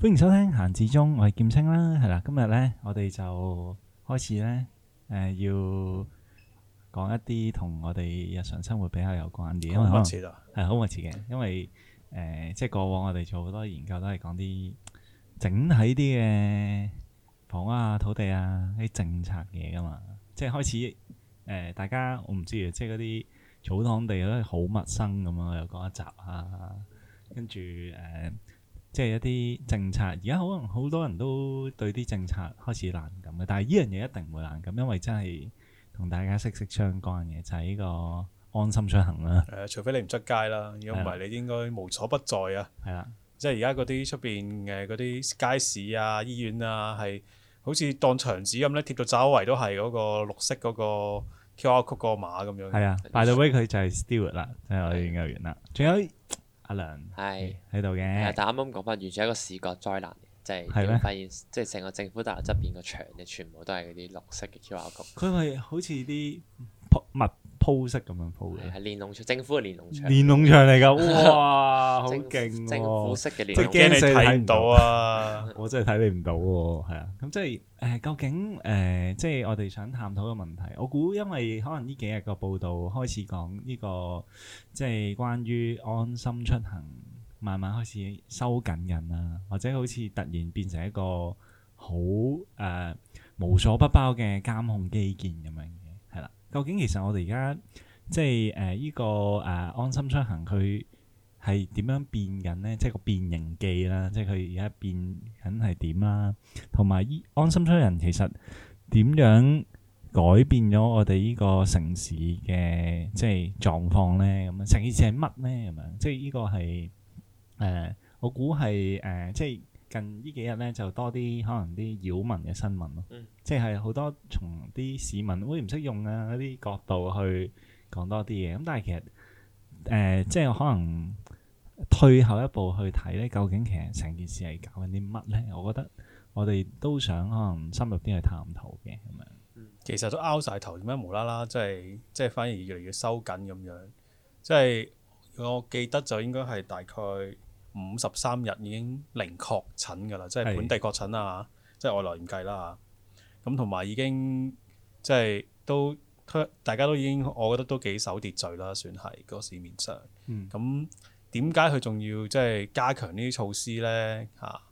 歡迎收聽閒志中，我係劍青啦，係啦。今日咧，我哋就開始咧，誒、呃，要講一啲同我哋日常生活比較有關嘅，係好唔遲嘅。因為誒、呃，即係過往我哋做好多研究都係講啲整體啲嘅房屋啊、土地啊啲政策嘢噶嘛。即係開始，誒、呃，大家我唔知即係嗰啲草堂地都係好陌生咁啊，嗯、又講一集啊，跟住誒。呃即係一啲政策，而家可能好多人都對啲政策開始難咁嘅，但係呢樣嘢一定唔會難咁，因為真係同大家息息相關嘅，就係呢個安心出行啦。誒，除非你唔出街啦，如果唔係，你應該無所不在啊。係啦，即係而家嗰啲出邊嘅嗰啲街市啊、醫院啊，係好似當牆紙咁咧貼到周圍都係嗰個綠色嗰個 QR code 個碼咁樣。係啊，擺到尾佢就係 Steward 啦，即係我哋研究員啦。仲有。阿涼，係喺度嘅。但啱啱講翻，完全係一個視覺災難，即係發現，嗎即係成個政府大樓側邊個牆，就全部都係嗰啲綠色嘅 QR Code。佢咪好似啲鋪密鋪式咁樣鋪嘅，係連儂牆，政府嘅連儂牆，連儂牆嚟噶，哇，好勁！政府式嘅連儂牆，即係驚你睇唔到啊！我真係睇你唔到喎，係啊，咁即係誒，究竟誒，即係我哋想探討嘅問題，我估因為可能呢幾日個報道開始講呢個，即係關於安心出行慢慢開始收緊人啊，或者好似突然變成一個好誒無所不包嘅監控基建咁樣。究竟其實我哋而家即係誒依個誒、啊、安心出行佢係點樣變緊咧？即係個變形記啦，即係佢而家變緊係點啦？同埋依安心出行其實點樣改變咗我哋依個城市嘅即係狀況咧？咁啊，成件事係乜咧？咁啊，即係依個係誒、呃，我估係誒、呃、即係。近呢幾日咧，就多啲可能啲擾民嘅新聞咯，嗯、即係好多從啲市民會唔識用啊嗰啲角度去講多啲嘢，咁但係其實誒、呃嗯、即係可能退後一步去睇咧，究竟其實成件事係搞緊啲乜咧？我覺得我哋都想可能深入啲去探討嘅咁樣。嗯、其實都拗晒頭，點解無啦啦即係即係反而越嚟越收緊咁樣？即係我記得就應該係大概。五十三日已經零確診㗎啦，即係本地確診啊是的，即係外來唔計啦。咁同埋已經即係都，大家都已經，我覺得都幾守秩序啦，算係、嗰個市面上。咁點解佢仲要即係、嗯、加強呢啲措施咧？嚇、啊！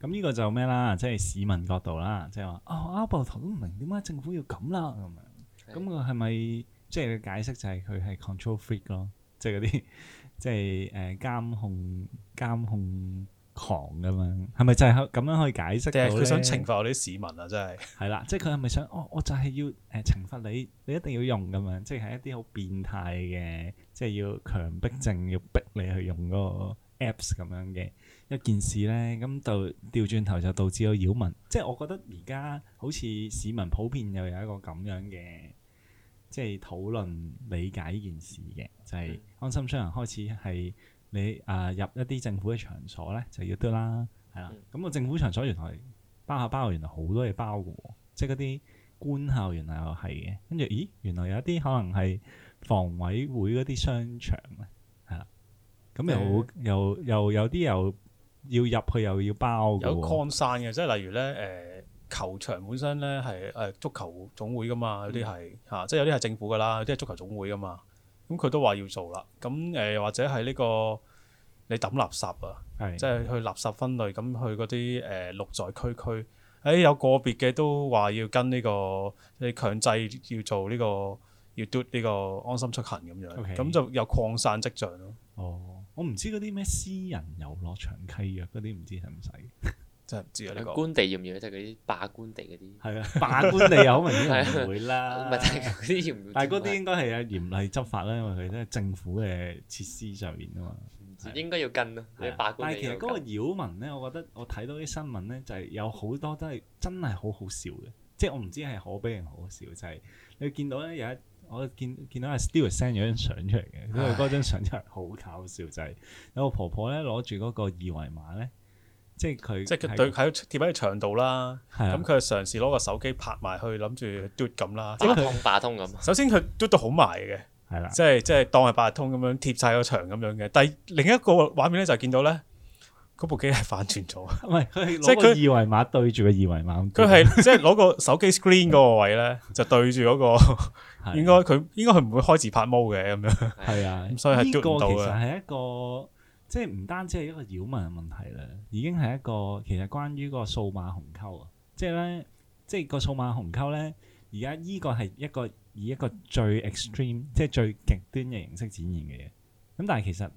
咁呢個就咩啦？即、就、係、是、市民角度啦，即係話啊，阿布頭都唔明點解政府要咁啦咁樣、啊。咁個係咪即係解釋就係佢係 control freak 咯，即係嗰啲。即係誒監控，監控狂咁樣，係咪就係可咁樣可以解釋？即係佢想懲罰我啲市民啊！真係係啦，即係佢係咪想我、哦？我就係要誒懲罰你，你一定要用咁樣，即係、嗯、一啲好變態嘅，即係要強迫症，要逼你去用嗰個 apps 咁樣嘅一件事咧。咁就調轉頭就導致咗擾民。即係我覺得而家好似市民普遍又有一個咁樣嘅。即係討論理解呢件事嘅，嗯、就係安心出行開始係你啊入一啲政府嘅場所咧，就要得啦，係啦、嗯。咁、咁個政府場所原來包下包，原來好多嘢包嘅喎，即係嗰啲官校原來又係嘅。跟住咦，原來有一啲可能係房委會嗰啲商場啊，係啦。咁又、嗯、又又有啲又要入去又要包有擴散嘅，即係例如咧誒。呃球場本身咧係誒足球總會噶嘛，有啲係嚇，即係有啲係政府噶啦，有啲係足球總會噶嘛。咁佢都話要做、呃呢個、啦。咁誒或者係呢個你抌垃圾啊，即係去垃圾分類，咁去嗰啲誒綠在區區。誒、欸、有個別嘅都話要跟呢、呢個你強制要做呢、呢個要 do 呢個安心出行咁樣，咁 Okay. 就有擴散跡象咯。哦，我唔知嗰啲咩私人遊樂場契約嗰啲唔知係唔使。 就唔知啊！你、那、講、個、官地要唔要？咧？即係嗰啲霸官地嗰啲係啊！ 霸官地又好明顯唔會啦。唔係， 但係嗰啲但係嗰啲應該係啊嚴厲執法啦，因為佢都係政府嘅設施上面啊嘛。嗯、唔知應該要跟咯，係霸官地、啊、但係其實嗰個擾民咧，我覺得我睇到啲新聞咧，就係、是、有好多都係真係好好笑嘅。即係我唔知係可悲定好笑，就係、是、你見到咧有一我見見到阿 Stewart send 咗張相出嚟嘅，佢嗰唉張相真係好搞笑，就係、是、有個婆婆咧攞住嗰個二維碼咧。即係佢，即係佢對喺貼喺個牆度啦。咁佢係嘗試攞個手機拍埋去諗住嘟咁啦。即解通百通咁？首先佢嘟 o 得好埋嘅，係啦、啊，即係即係當係八通咁樣貼晒個牆咁樣嘅。但第另一個畫面咧就見到咧，嗰部機係反轉咗，唔係即係佢二維碼對住個二維碼，佢係即係攞個手機 screen 嗰個位咧就對住嗰、那個，啊、應該佢應該佢唔會開自拍模嘅咁樣。係啊，咁所以係嘟唔到啊。呢個其實係一個。即係唔單止係一個擾民嘅問題啦，已經係一個其實關於個數碼鴻溝啊。即係咧，即係個數碼鴻溝咧，而家依個係一個以一個最 extreme，、嗯、即係最極端嘅形式展現嘅嘢。咁、嗯、但係其實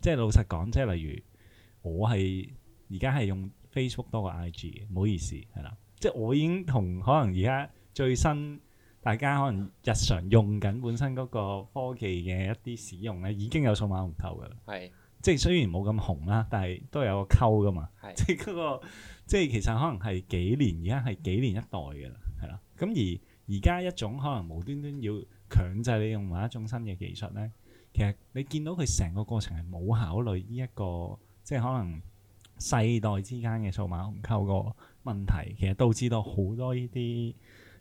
即係老實講，即係例如我係而家係用 Facebook 多過 IG 嘅，唔好意思係啦。即係我已經同可能而家最新大家可能日常用緊本身嗰個科技嘅一啲使用咧，已經有數碼鴻溝噶啦。係。即係雖然冇咁紅啦，但係都有個溝噶嘛。係。即係嗰個，即係其實可能係幾年，而家係幾年一代噶啦，係啦。咁而而家一種可能無端端要強制你用埋一種新嘅技術咧，其實你見到佢成個過程係冇考慮呢一個，即係可能世代之間嘅數碼鴻溝個問題，其實導致到好多呢啲，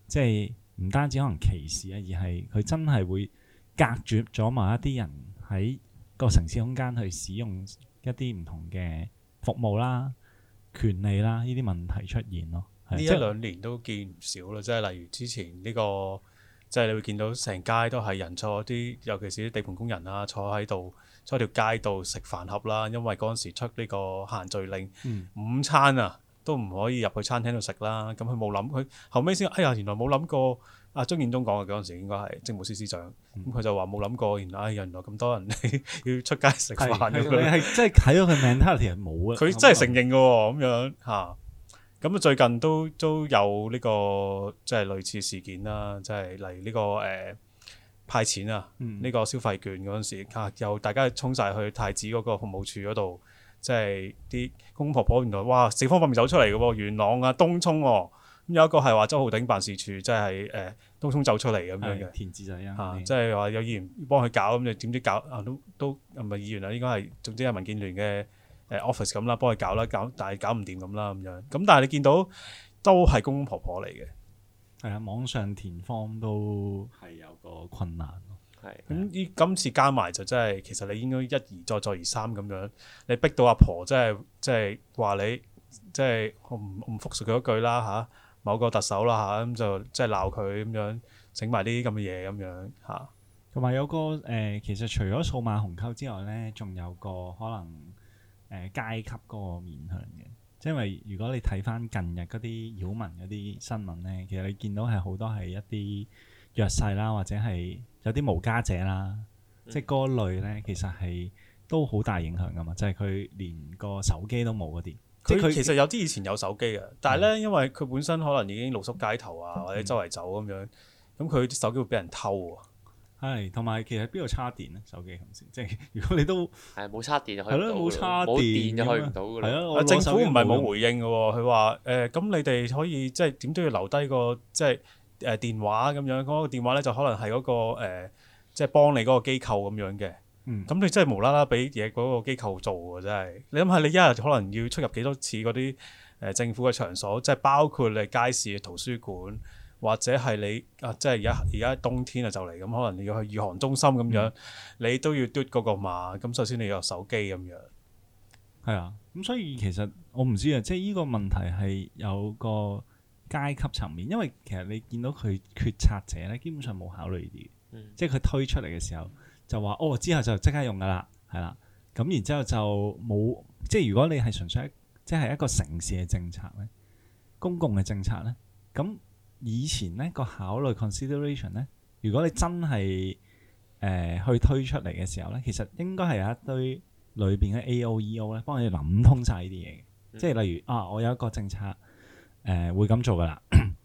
即係唔單止可能歧視啊，而係佢真係會隔絕咗某一啲人喺。個城市空間去使用一啲唔同嘅服務啦、權利啦，呢啲問題出現咯。呢一兩年都見唔少啦，即係例如之前呢個，即係你會見到成街都係人坐啲，尤其是啲地盤工人啊，坐喺度坐條街度食飯盒啦。因為嗰陣時出呢個限聚令，嗯、午餐啊都唔可以入去餐廳度食啦。咁佢冇諗，佢後尾先，哎呀，原來冇諗過。阿張建宗講嘅嗰陣時，應該係政務司司長，咁佢就話冇諗過，原來唉、哎，原來咁多人 要出街食飯咁、嗯、樣，係、嗯、 真係睇到佢命太人冇啊！佢真係承認嘅喎，咁樣嚇。咁啊，最近都都有呢、這個即係類似事件啦，即係嚟呢個誒、呃、派錢啊，呢、這個消費券嗰陣時、啊，又大家衝晒去太子嗰個服務處嗰度，即係啲公公婆婆原來哇四方八面走出嚟嘅喎，元朗啊，東涌哦、啊。咁有一個係話周浩鼎辦事處，即係誒東涌走出嚟咁樣嘅填字就係啊，即係話有議員幫佢搞，咁你點知搞啊？都都唔係議員啊，應該係總之係民建聯嘅誒 office 咁啦，幫佢搞啦，搞但係搞唔掂咁啦，咁樣咁但係你見到都係公公婆婆嚟嘅。係啊，網上填方都係有個困難咯。係咁的，依今次加埋就真係，其實你應該一而再，再而三咁樣，你逼到阿婆，即係即係話你即係我唔唔復述佢嗰句啦嚇。啊啊某個特首啦嚇，咁、啊、就即係鬧佢咁樣整埋啲咁嘅嘢咁樣嚇。同埋、啊、有個誒、呃，其實除咗數碼鴻溝之外咧，仲有個可能誒階、呃、級嗰個面向嘅。因為如果你睇翻近日嗰啲擾民嗰啲新聞咧，其實你見到係好多係一啲弱勢啦，或者係有啲無家者啦，嗯、即係嗰類咧，其實係都好大影響噶嘛。即係佢連個手機都冇嗰啲。佢其實有啲以前有手機嘅，但係咧，嗯、因為佢本身可能已經露宿街頭啊，嗯、或者周圍走咁樣，咁佢啲手機會俾人偷喎。係，同埋其實邊度叉電咧？手機同時，即、就、係、係、如果你都係冇叉電就去唔到。係咯，冇叉電，電就去唔到㗎啦。係，政府唔係冇回應嘅喎。佢話誒，咁、呃、你哋可以即係點都要留低個即係誒、呃、電話咁樣。嗰、嗰個電話咧就可能係嗰、嗰個、呃、即係幫你嗰個機構咁樣嘅。嗯，咁你真係無啦啦俾嘢嗰個機構做喎，真係。你諗下，你一日可能要出入幾多次嗰啲誒政府嘅場所，即係包括你街市嘅圖書館，或者係你啊，即係而家而家冬天啊就嚟咁，可能你要去御寒中心咁樣，嗯、你都要嘟嗰個碼，咁首先你要手機咁樣。係啊，咁所以其實我唔知啊，即係呢個問題係有個階級層面，因為其實你見到佢決策者咧，基本上冇考慮呢啲，即係佢推出嚟嘅時候。就話哦，之後就即刻用噶啦，係啦，咁然之後就冇，即係如果你係純粹一即係一個城市嘅政策咧，公共嘅政策咧，咁以前咧個考慮 consideration 咧，如果你真係誒、呃、去推出嚟嘅時候咧，其實應該係有一堆裏邊嘅 A O E O 咧，幫你諗通晒呢啲嘢，即係例如啊，我有一個政策誒、呃、會咁做噶啦，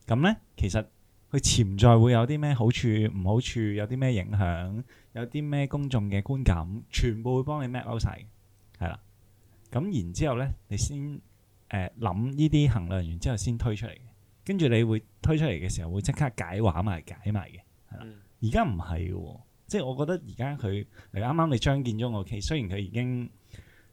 咁咧其實佢潛在會有啲咩好處唔好處，有啲咩影響？有啲咩公眾嘅觀感，全部會幫你 map out 晒，係啦。咁然之後咧，你先誒諗呢啲衡量完之後，先推出嚟。跟住你會推出嚟嘅時候，會即刻解話埋解埋嘅。係啦，而家唔係嘅喎，即係我覺得而家佢，你啱啱你張建中，我其實雖然佢已經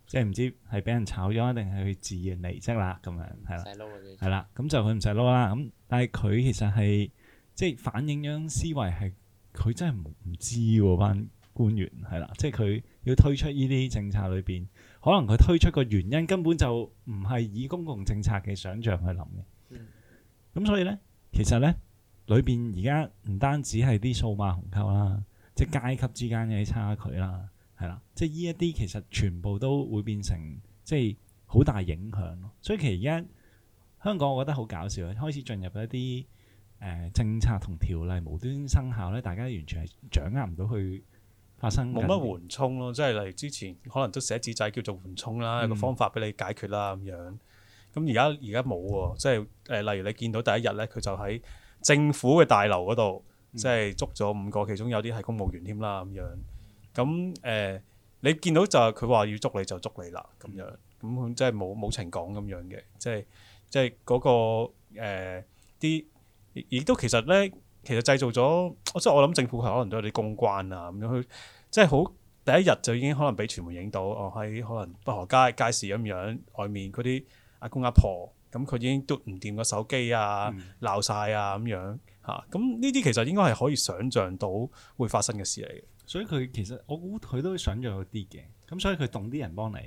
即係唔知係俾人炒咗，定係佢自然離職啦咁樣，係啦，係啦。咁了了就佢唔使攞啦。咁但係佢其實係即係反映咗思維係。佢真係唔知喎、啊，班官員係啦，即係佢要推出呢啲政策裏邊，可能佢推出個原因根本就唔係以公共政策嘅想象去諗嘅。咁、嗯、所以呢，其實呢裏邊而家唔單止係啲數碼鴻溝啦，即係階級之間嘅差距啦，係啦，即係呢一啲其實全部都會變成即係好大影響咯。所以其實而家香港，我覺得好搞笑，開始進入一啲。誒政策同條例無端生效咧，大家完全係掌握唔到，佢發生冇乜緩衝咯。即係例如之前可能都寫紙仔叫做緩衝啦，嗯、一個方法俾你解決啦咁樣。咁而家而家冇喎，即係誒。例如你見到第一日咧，佢就喺政府嘅大樓嗰度，即係捉咗五個，其中有啲係公務員添啦咁樣。咁誒、呃，你見到就係佢話要捉你就捉你啦，咁樣咁真係冇冇情講咁樣嘅，即係即係嗰個誒啲。亦都其實咧，其實製造咗，即我諗政府係可能都有啲公關啊咁樣，去。即係好第一日就已經可能俾傳媒影到，哦喺可能北河街街市咁樣，外面嗰啲阿公阿婆咁佢已經嘟唔掂個手機啊，鬧晒、嗯、啊咁樣嚇，咁呢啲其實應該係可以想像到會發生嘅事嚟嘅。所以佢其實我估佢都想像到啲嘅，咁所以佢動啲人幫你，誒、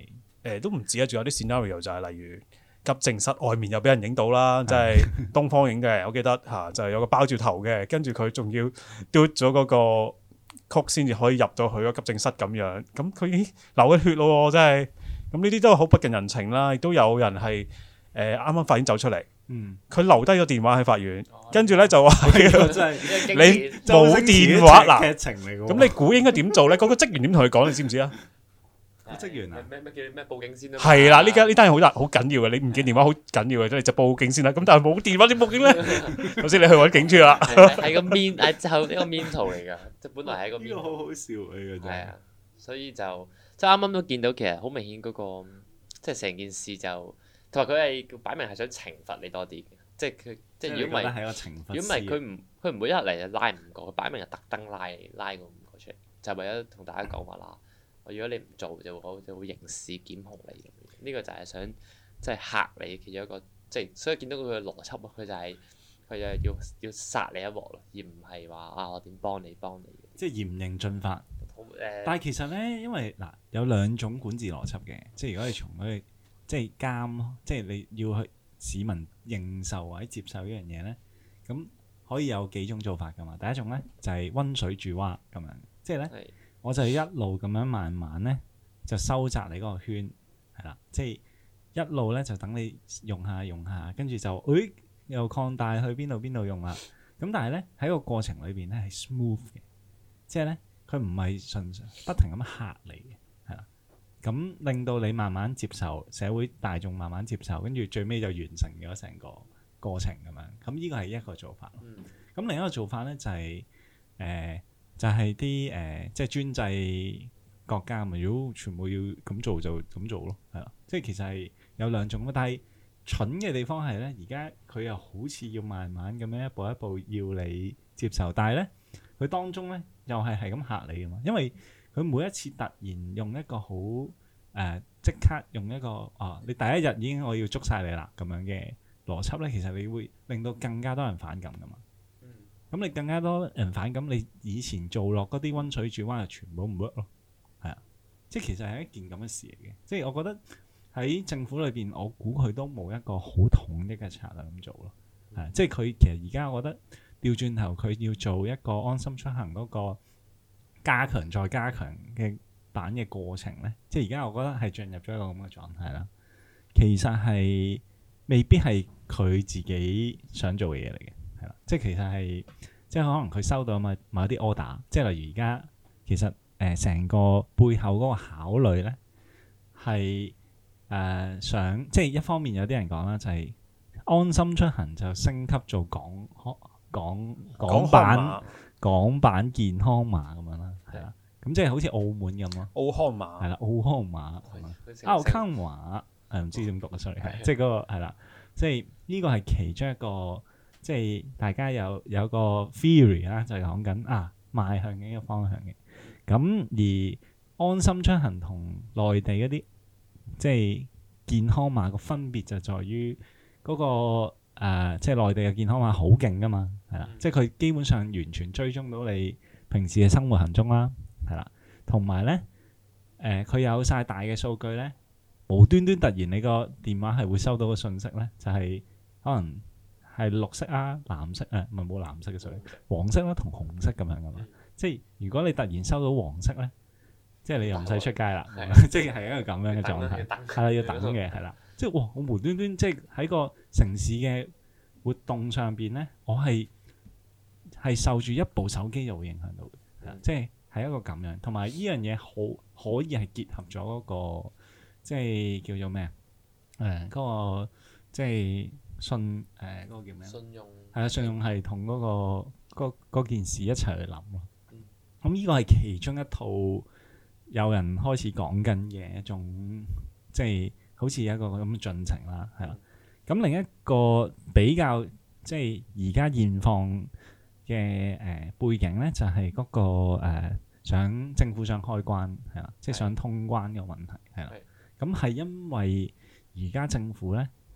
欸、都唔止啊，仲有啲 scenario 就係例如。急症室外面又俾人影到啦，即係 東方影嘅，我記得吓就有個包住頭嘅，跟住佢仲要嘟咗嗰個曲先至可以入到佢個急症室咁樣，咁佢已經流咗血咯，真係，咁呢啲都好不近人情啦，亦都有人係誒啱啱法院走出嚟，嗯，佢留低咗電話喺法院，嗯、跟住咧就 話， 你冇電話嗱，劇情嚟，咁 你估應該點做咧？嗰個職員點同佢講？你知唔知啊？職員啊？咩咩叫咩？報警先啦。係啦，呢家呢單嘢好好緊要嘅。你唔見電話好緊要嘅，所以就報警先啦。咁但係冇電話點報警咧？頭先你去揾警署啦。係個面，係後一個面圖嚟㗎。即本來係一個。面個好好笑啊！呢個啊，所以就即係啱啱都見到，其實好明顯嗰個即係成件事就同埋佢係擺明係想懲罰你多啲嘅。即係佢，即係如果唔係，如果唔係佢唔佢唔每一日嚟就拉五個，佢擺明係特登拉拉個五個出嚟，就是、為咗同大家講乜啦。如果你唔做就好，就會刑事檢控你。呢、這個就係想即係、就是、嚇你，其中一個即係、就是、所以見到佢嘅邏輯，佢就係、是、佢就係要要殺你一鑊咯，而唔係話啊我點幫你幫你。幫你即係嚴刑峻法。嗯、但係其實呢，因為嗱有兩種管治邏輯嘅，即係如果你從佢、那個、即係監，即係你要去市民認受或者接受呢樣嘢呢，咁可以有幾種做法噶嘛？第一種呢，就係、是、温水煮蛙咁樣，即係呢。我就一路咁樣慢慢咧，就收窄你嗰個圈，係啦，即係一路咧就等你用下用下，跟住就，誒又擴大去邊度邊度用啦。咁但係咧喺個過程裏邊咧係 smooth 嘅，即係咧佢唔係純粹不停咁嚇你嘅，係啦，咁令到你慢慢接受，社會大眾慢慢接受，跟住最尾就完成咗成個過程咁樣。咁呢個係一個做法。咁，嗯，另一個做法咧就係誒。呃就係啲誒，即係專制國家咪，如果全部要咁做就咁做咯，係啦。即係其實係有兩種，但係蠢嘅地方係咧，而家佢又好似要慢慢咁樣一步一步要你接受，但係咧佢當中咧又係係咁嚇你噶嘛，因為佢每一次突然用一個好誒即刻用一個啊，你第一日已經我要捉晒你啦咁樣嘅邏輯咧，其實你會令到更加多人反感噶嘛。咁你更加多人反感，你以前做落嗰啲溫水煮蛙，就全部唔 work 咯。係啊，即係其實係一件咁嘅事嚟嘅。即係我覺得喺政府裏邊，我估佢都冇一個好統一嘅策略咁做咯。係，即係佢其實而家我覺得調轉頭，佢要做一個安心出行嗰個加強再加強嘅版嘅過程咧。即係而家我覺得係進入咗一個咁嘅狀態啦。其實係未必係佢自己想做嘅嘢嚟嘅。即係其實係，即係可能佢收到某啊，某啲 order，即係例如而家，其實誒成個背後嗰個考慮咧，係誒想，即係一方面有啲人講啦，就係安心出行就升級做港港港版港版健康碼咁樣啦，係啦，咁即係好似澳門咁咯，澳康碼係啦，澳康碼，澳康碼，誒唔知點讀啊 sorry 即係嗰個係啦，即係呢個係其中一個。即係大家有有個 theory 啦，就係講緊啊，邁向嘅一個方向嘅。咁、嗯、而安心出行同內地嗰啲即係健康碼個分別就在於嗰、那個、呃、即係內地嘅健康碼好勁㗎嘛，係啦。即係佢基本上完全追蹤到你平時嘅生活行蹤啦，係啦。同埋咧，誒、呃、佢有晒大嘅數據咧，無端端突然你個電話係會收到個訊息咧，就係、是、可能。係綠色啊、藍色啊，唔係冇藍色嘅水，黃色啦、啊、同紅色咁樣噶嘛。即係如果你突然收到黃色咧，即係你又唔使出街啦。即係係一個咁樣嘅狀態，係啦，要等嘅，係啦。即係哇，我無端端即係喺個城市嘅活動上邊咧，我係係受住一部手機就會影響到嘅，嗯那個。即係係一個咁樣，同埋呢樣嘢好可以係結合咗嗰個即係叫做咩啊？誒、嗯，嗰、那個即係。信誒嗰個叫咩？信用係啊，信用係同嗰個嗰嗰件事一齊去諗咯。咁呢個係其中一套有人開始講緊嘅一種，即係好似一個咁嘅進程啦，係啦。咁另一個比較即係而家現況嘅誒背景咧，就係嗰個誒想政府想開關係啦，即係想通關嘅問題係啦。咁係因為而家政府咧。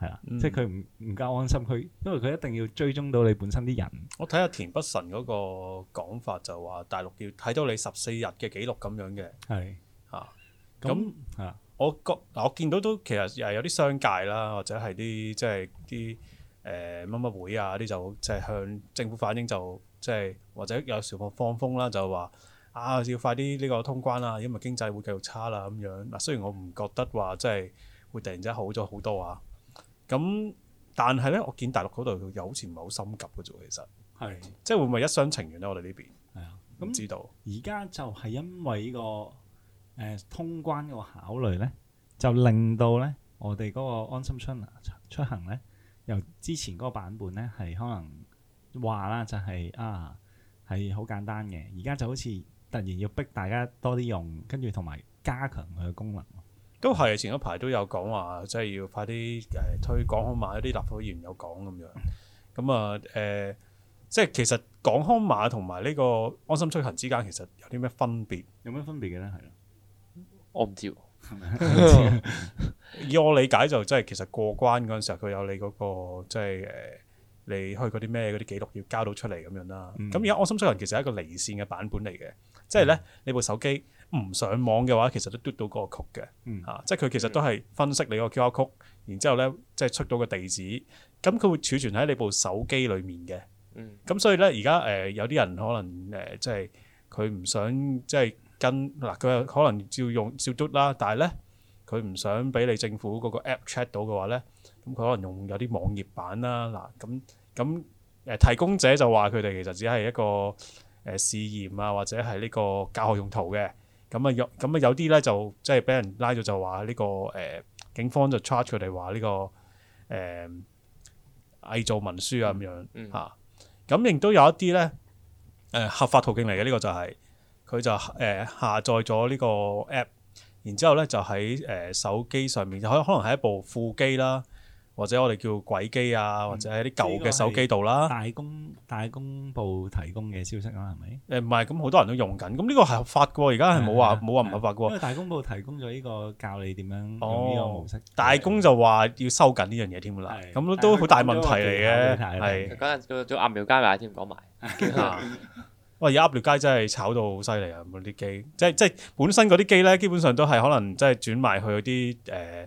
係啦，即係佢唔唔夠安心，佢因為佢一定要追蹤到你本身啲人。我睇下田北辰嗰個講法，就話大陸要睇到你十四日嘅記錄咁樣嘅。係啊，咁啊，我覺嗱，我見到都其實又有啲商界啦，或者係啲即係啲誒乜乜會啊啲就即係向政府反映，就即係或者有時放放風啦，就話啊要快啲呢個通關啦，因為經濟會繼續差啦咁樣嗱。雖然我唔覺得話即係會突然之間好咗好多啊。咁，但係咧，我見大陸嗰度又好似唔係好心急嘅啫，其實係，的即係會唔會一廂情願咧？我哋呢邊係啊，咁知道而家就係因為呢、呢個誒、呃、通關嘅考慮咧，就令到咧我哋嗰個安心出出行咧，由之前嗰個版本咧係可能話啦、就係，就係啊係好簡單嘅，而家就好似突然要逼大家多啲用，跟住同埋加強佢嘅功能。都係前一排都有講話，即係要快啲誒推港康碼，一啲立法會議員有講咁樣。咁啊誒，即係其實港康碼同埋呢個安心出行之間，其實有啲咩分別？有咩分別嘅咧？係咯，我唔知。 以我理解就是、即係其實過關嗰陣時候，佢有你嗰、那個即係誒，你去嗰啲咩嗰啲記錄要交到出嚟咁樣啦。咁而家安心出行其實係一個離線嘅版本嚟嘅。即係咧，你部手機唔上網嘅話，其實都嘟到嗰個曲嘅，啊，即係佢其實都係分析你個 QR 曲，然之後咧，即係出到個地址，咁佢會儲存喺你部手機裏面嘅，咁所以咧，而家誒有啲人可能誒，即係佢唔想即係跟嗱，佢可能照用照嘟啦，但係咧佢唔想俾你政府嗰個 app check 到嘅話咧，咁佢可能用有啲網頁版啦，嗱，咁咁誒提供者就話佢哋其實只係一個。誒試驗啊，或者係呢個教學用途嘅咁啊，有咁啊有啲咧就即係俾人拉咗，就話呢、就是這個誒、呃、警方就 charge 佢哋話呢個誒偽、呃、造文書、嗯嗯、啊咁樣嚇。咁亦都有一啲咧誒合法途徑嚟嘅呢個就係、是、佢就誒、呃、下載咗呢個 app，然之後咧就喺誒、呃、手機上面，可可能係一部副機啦。或者我哋叫鬼機啊，或者喺啲舊嘅手機度啦。大公大公報提供嘅消息啦，係咪？誒唔係，咁好多人都用緊，咁呢個係合法嘅喎。而家係冇話冇話唔合法嘅喎。因為大公報提供咗呢個教你點樣用呢個模式。大公就話要收緊呢樣嘢添啦，咁都好大問題嚟嘅。係嗰陣叫做鴨寮街啊，添講埋。哇！而家鴨寮街真係炒到好犀利啊！嗰啲機，即係即係本身嗰啲機咧，基本上都係可能即係轉賣去啲誒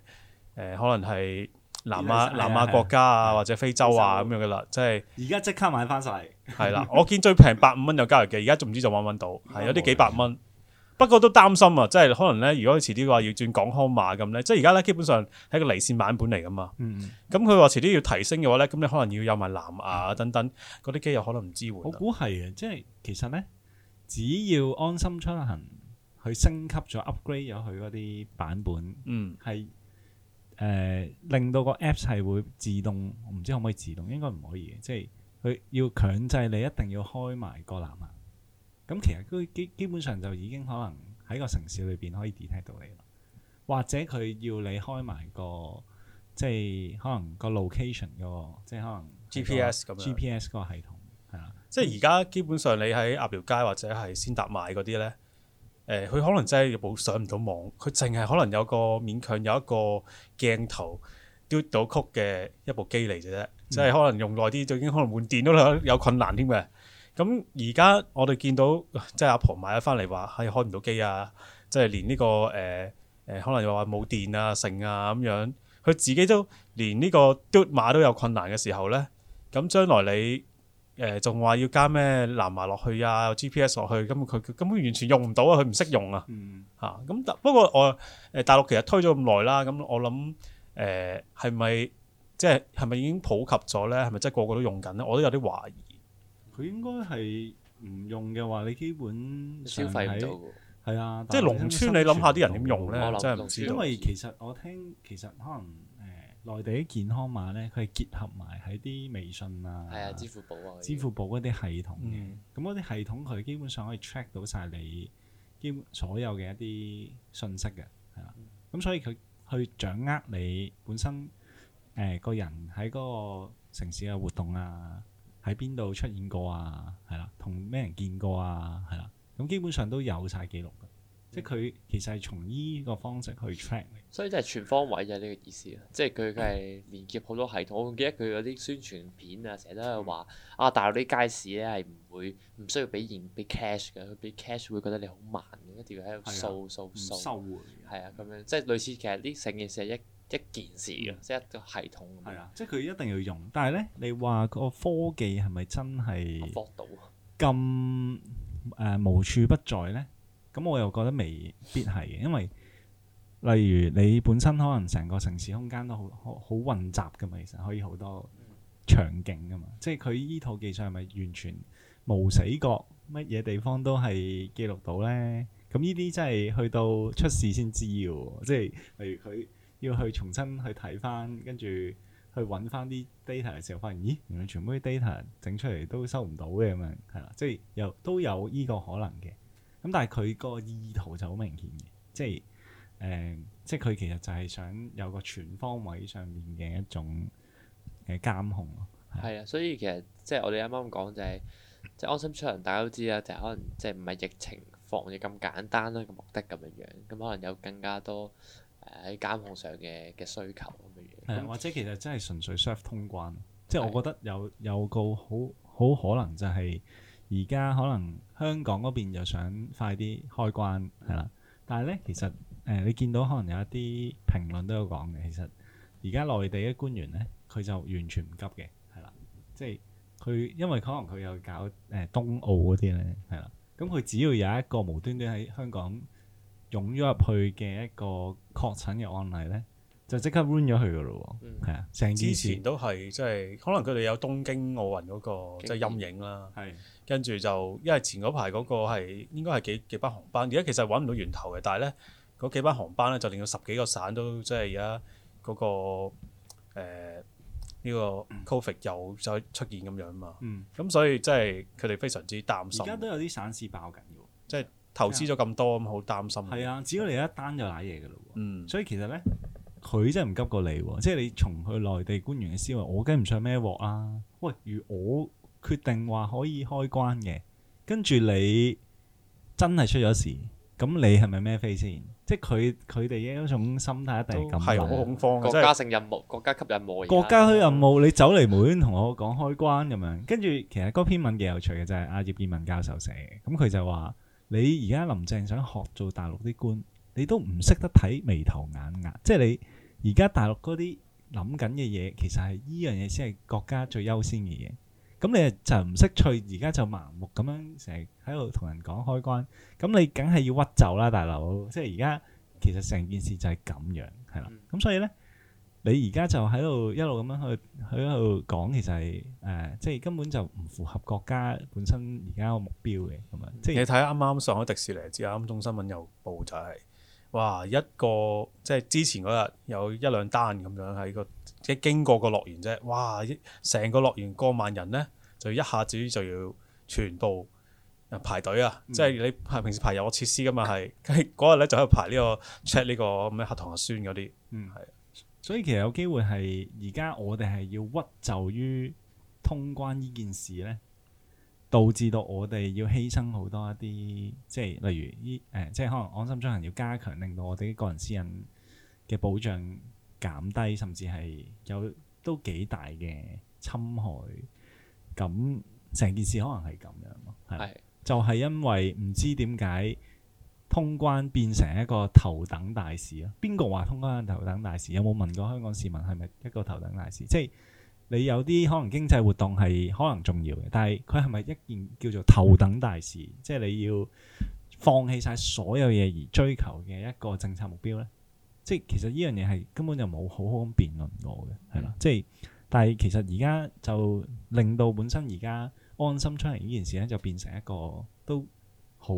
誒，可能係。南亞、南亞國家啊，或者非洲啊咁樣噶啦，即係而家即刻買翻晒。係啦， 我見最平百五蚊有交易嘅，而家仲唔知仲揾唔揾到，係有啲幾百蚊。 不過都擔心啊，即係可能咧，如果佢遲啲話要轉港康碼咁咧，即係而家咧基本上係個離線版本嚟噶嘛。咁佢話遲啲要提升嘅話咧，咁你可能要有埋藍牙等等嗰啲機，有、嗯、可能唔支援。我估係啊，即係其實咧，只要安心出行，佢升級咗 upgrade 咗佢嗰啲版本，嗯，係。誒、呃、令到個 Apps 係會自動，我唔知可唔可以自動，應該唔可以嘅，即係佢要強制你一定要開埋個藍牙。咁其實佢基基本上就已經可能喺個城市裏邊可以 detect 到你或者佢要你開埋、嗰個即係可能個 location 嘅，即係可能係 GPS 咁樣。GPS 個系統係啦，即係而家基本上你喺鴨寮街或者係先達買嗰啲呢，誒，佢、呃、可能真係部上唔到網，佢淨係可能有個勉強有一個鏡頭，嘟到曲嘅一部機嚟嘅啫，即係可能用耐啲，就已經可能換電都有困難添嘅。咁而家我哋見到，即係阿婆，婆買咗翻嚟話係開唔到機啊，即係連呢、這個誒誒、呃呃，可能又話冇電啊、剩啊咁樣，佢自己都連呢個嘟碼都有困難嘅時候咧，咁、嗯、將來你？誒仲話要加咩藍牙落去啊，GPS 落去，咁佢根本完全用唔到啊，佢唔識用啊，嚇、嗯！咁、啊、不過我誒、呃、大陸其實推咗咁耐啦，咁我諗誒係咪即係係咪已經普及咗咧？係咪即係個個都用緊咧？我都有啲懷疑。佢應該係唔用嘅話，你基本消費唔到。係啊，即係農村你諗下啲人點用咧？我諗真係唔知，因為其實我聽其實可能。內地啲健康碼咧，佢係結合埋喺啲微信啊，係啊，支付寶啊，支付寶嗰啲系統嘅。咁嗰啲系統佢基本上可以 check 到晒你，基本所有嘅一啲信息嘅，係啦。咁、嗯、所以佢去掌握你本身，誒、呃、個人喺嗰個城市嘅活動啊，喺邊度出現過啊，係啦，同咩人見過啊，係啦。咁基本上都有晒記錄嘅。即係佢其實係從依個方式去 track 你，所以即係全方位嘅呢個意思咯。嗯、即係佢係連接好多系統。我記得佢有啲宣傳片啊，成日都係話啊，大陸啲街市咧係唔會唔需要俾現俾 cash 嘅，佢俾 cash 會覺得你好慢，一定要喺度掃掃掃。的掃掃收回。係啊掃，咁樣，嗯、即係類似其實啲成件事係一一件事嘅，即係、嗯、一個系統。係啊，即係佢一定要用，但係咧，你話個科技係咪真係咁誒無處不在咧？咁、嗯、我又覺得未必係嘅，因為例如你本身可能成個城市空間都好好混雜噶嘛，其實可以好多場景噶嘛。即係佢依套技術係咪完全無死角，乜嘢地方都係記錄到咧？咁呢啲真係去到出事先知嘅喎。即係例如佢要去重新去睇翻，跟住去揾翻啲 data 嘅時候，發現咦，原來全部啲 data 整出嚟都收唔到嘅咁樣，係啦，即係又都有依個可能嘅。咁但係佢個意圖就好明顯嘅，即係誒、呃，即係佢其實就係想有個全方位上面嘅一種嘅監控咯。係啊，所以其實即係我哋啱啱講就係、是、即係安心出行，大家都知啦，就係、是、可能即係唔係疫情防疫咁簡單咯，個目的咁樣樣，咁可能有更加多誒喺、呃、監控上嘅嘅需求咁樣樣那。或者其實真係純粹 check 通關，即係我覺得有的有個好好可能就係而家可能。香港嗰邊就想快啲開關，係啦，但係咧其實誒、呃、你見到可能有一啲評論都有講嘅，其實而家內地嘅官員咧佢就完全唔急嘅。係啦，即係佢因為可能佢有搞誒、呃、東澳嗰啲咧係啦，咁佢只要有一個無端端喺香港湧咗入去嘅一個確診嘅案例咧，就即刻 run 咗去㗎咯，係啊、嗯，成之前都係即係可能佢哋有東京奧運嗰個即係、就是、陰影啦。跟住就，因為前嗰排嗰個係應該係幾，幾班航班，而家其實揾唔到源頭嘅，但係咧嗰幾班航班咧就令到十幾個省都即係而家嗰個呢、呃呢個 Covid 又再出現咁樣啊嘛。咁、嗯嗯、所以即係佢哋非常之擔心。而家都有啲省市爆緊嘅，即係投資咗咁多咁好麼擔心。係啊，只要你一單就瀨嘢嘅咯喎。嗯、所以其實咧，佢真係唔急過你喎。即係你從去內地官員嘅思維，我跟唔上咩鑊啊？喂，如我。決定話可以開關嘅，跟住你真係出咗事，咁你係咪咩飛先？即係佢佢哋一種心態一定係咁，係好恐慌嘅，即係國家性任務、國家級任務。國家級任務，你走嚟無端同我講開關咁樣，跟住其實嗰篇文幾有趣嘅，就係阿葉健民教授寫嘅。咁佢就話：你而家林鄭想學做大陸啲官，你都唔識得睇眉頭眼額，即係你而家大陸嗰啲諗緊嘅嘢，其實係依樣嘢先係國家最優先嘅嘢。咁你就唔識趣，而家就盲目咁樣成日喺度同人講開關，咁你梗係要屈就啦，大佬！即係而家其實成件事就係咁樣，係啦。咁所以咧，你而家就喺度一路咁樣去去喺度講，其實係誒，即係根本就唔符合國家本身而家個目標嘅，咁樣，即係你睇啱啱上海迪士尼之後，啱啲新聞又報就係，哇！一個即係之前嗰日有一兩單咁樣喺個。即係經過個樂園啫，哇！成個樂園過萬人咧，就一下子就要全部排隊啊！嗯、即係你係平時排有設施噶嘛，係嗰日咧就喺度排呢個 check 呢個咩核糖核酸嗰啲。嗯，係。所以其實有機會係而家我哋係要屈就於通關呢件事咧，導致到我哋要犧牲好多一啲，即係例如依誒、呃，即係可能安心出行要加強，令到我哋個人私隱嘅保障。減低甚至係有都幾大嘅侵害，咁成件事可能係咁樣咯。係是就係因為唔知點解通關變成一個頭等大事咯。邊個話通關係頭等大事？有冇問過香港市民係咪一個頭等大事？即係你有啲可能經濟活動係可能重要嘅，但係佢係咪一件叫做頭等大事？即係你要放棄晒所有嘢而追求嘅一個政策目標呢？即係其實呢樣嘢係根本就冇好好咁辯論過嘅，係啦。即係、嗯、但係其實而家就令到本身而家安心出行呢件事咧就變成一個都好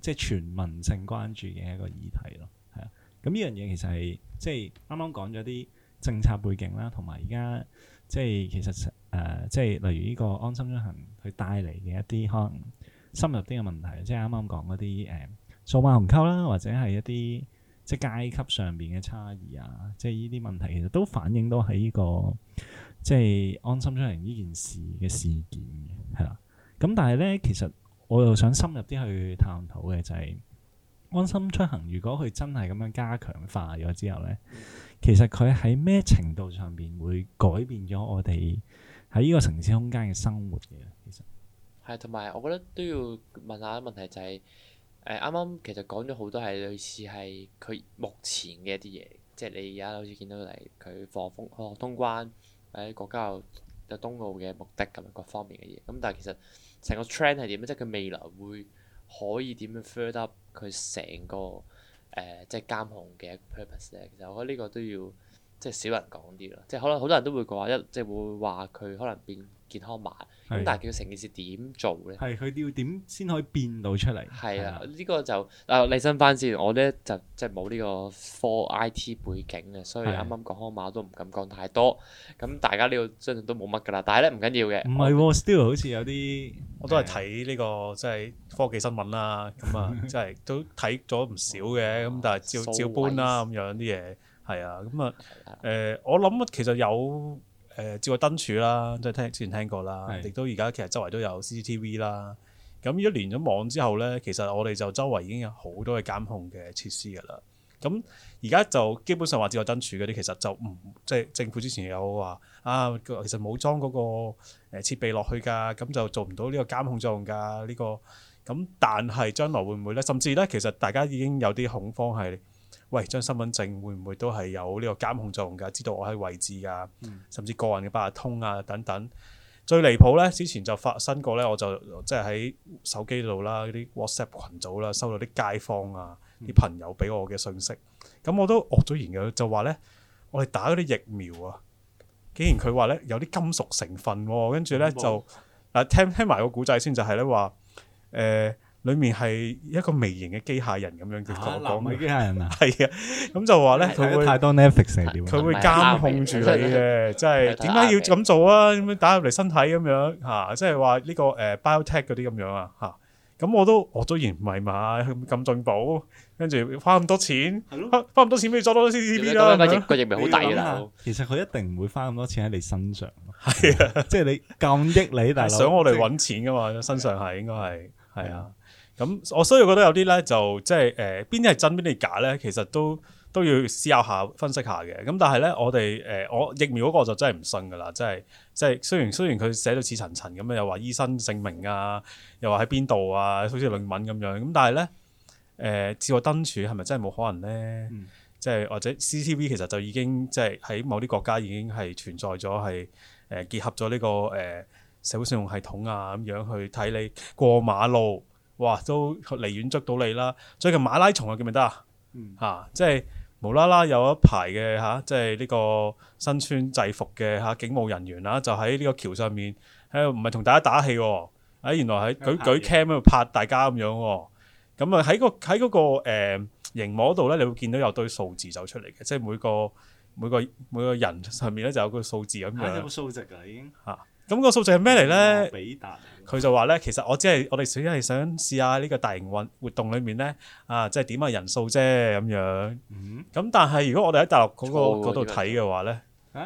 即係全民性關注嘅一個議題咯。係啊，咁呢樣嘢其實係即係啱啱講咗啲政策背景啦，同埋而家即係其實誒、呃、即係例如呢個安心出行佢帶嚟嘅一啲可能深入啲嘅問題，即係啱啱講嗰啲誒數碼鴻溝啦，或者係一啲。即階級上邊嘅差異啊，即呢啲問題其實都反映到喺呢個即安心出行呢件事嘅事件嘅，係啦。咁但係咧，其實我又想深入啲去探討嘅就係安心出行，如果佢真係咁樣加強化咗之後咧，其實佢喺咩程度上邊會改變咗我哋喺呢個城市空間嘅生活嘅？其實係同埋，我覺得都要問下問題就係。誒，啱啱其實講咗好多係類似係佢目前嘅一啲嘢，即係你而家好似見到嚟佢放風哦，通關或者國家有冬奧嘅目的咁各方面嘅嘢，咁但係其實成個 trend 係點咧？即係佢未來會可以點樣 fill up 佢成個誒，即係監控嘅一個 purpose 咧？其實我覺得呢個都要。即係少人講啲咯，即係可能好多人都會講話一，即係會話佢可能變健康碼咁，的但係叫成件事點做咧？係佢要點先可以變到出嚟？係啦的，呢的個就啊理清翻先。我咧就即係冇呢個科 IT 背景嘅，所以啱啱講健康碼都唔敢講太多。咁的大家呢個相信都冇乜㗎啦。但係咧唔緊要嘅。唔係就，still 好似有啲我都係睇呢個即係是的 科技新聞啦。咁啊，即係都睇咗唔少嘅。咁但係照照搬啦咁樣啲嘢。係啊，咁啊，誒、呃，我諗其實有誒、呃，智慧燈柱啦，即係聽之前聽過啦，亦是的 都而家其實周圍都有 CCTV 啦。咁一連咗網之後咧，其實我哋就周圍已經有好多嘅監控嘅設施㗎啦。咁而家就基本上話智慧燈柱嗰啲，其實就唔即係政府之前有話啊，其實冇裝嗰個誒設備落去㗎，咁就做唔到呢個監控作用㗎呢、呢個。咁但係將來會唔會咧？甚至咧，其實大家已經有啲恐慌係。喂，張身份證會唔會都係有呢個監控作用㗎？知道我喺位置㗎？甚至個人嘅八達通啊等等。嗯、最離譜呢，之前就發生過呢，我就即係喺手機度啦，嗰啲 WhatsApp 群組啦，收到啲街坊啊，啲朋友俾我嘅信息。咁、嗯、我都愕咗然嘅，就話呢，我哋打嗰啲疫苗啊，竟然佢話呢，有啲金屬成分，跟住呢，就嗱、嗯嗯，聽聽埋個古仔先，就係呢話，誒、呃。裏面係一個微型嘅機械人咁樣嘅，講嘅機械人啊，係啊，咁就話咧，佢會太多 Netflix，佢會監控住你嘅，即係點解要咁做啊？咁樣打入嚟身體咁樣，吓，即係話呢個誒 biotech 嗰啲咁樣啊，吓，咁我都我都，然唔係嘛，咁咁進步，跟住花咁多錢，花咁多錢，俾你多多啲 CCTV 啦。個個亦咪好抵啦，其實佢一定唔會花咁多錢喺你身上，係啊，即係你咁益你但係想我哋揾錢噶嘛，身上係應該係，係啊。咁我所以覺得有啲咧就即係誒邊啲係真邊啲係假咧，其實都都要思考下分析下嘅。咁但係咧，我哋誒、呃、我疫苗嗰個就真係唔信噶啦，即係即係雖然雖然佢寫到似層層咁啊，又話醫生證明啊，又話喺邊度啊，好似論文咁樣。咁但係咧誒智慧燈柱係咪真係冇可能咧？即係、嗯、或者 CCTV 其實就已經即係喺某啲國家已經係存在咗係誒結合咗呢、這個誒、呃、社會信用系統啊咁樣去睇你過馬路。哇，都離遠捉到你啦！最近馬拉松、嗯、啊，記唔記得啊？嚇，即係無啦啦有一排嘅嚇、啊，即係呢個身穿制服嘅嚇、啊、警務人員啦，就喺呢個橋上面喺，唔係同大家打氣喎、啊，原來喺舉的舉 cam 喺度拍大家咁樣喎，咁啊喺、啊個喺嗰、個誒熒、呃、幕度咧，你會見到有堆數字走出嚟嘅，即係每個每個每個人上面咧就有個數字咁樣。睇到數值㗎，已經嚇。咁個數值係咩嚟咧？佢就話咧，其實我只係我哋只係想試下呢個大型運活動裏面咧，啊，即係點啊人數啫咁樣。咁、嗯、但係如果我哋喺大陸嗰、嗰個度睇嘅話咧，啊，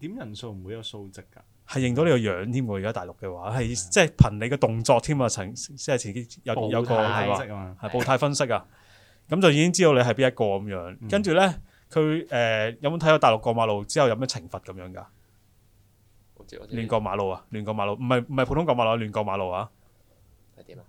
點人數唔會有數值噶？係認到你個樣添喎，而家大陸嘅話係即係憑你嘅動作添啊，即係前，前有有個係嘛，係步態分析啊，咁就已經知道你係邊一個咁樣。嗯嗯、跟住咧，佢誒有冇睇到大陸過馬路之後有咩懲罰咁樣噶？亂過馬路啊！亂過馬路，唔係唔係普通過馬路啊！亂過馬路啊！係點啊？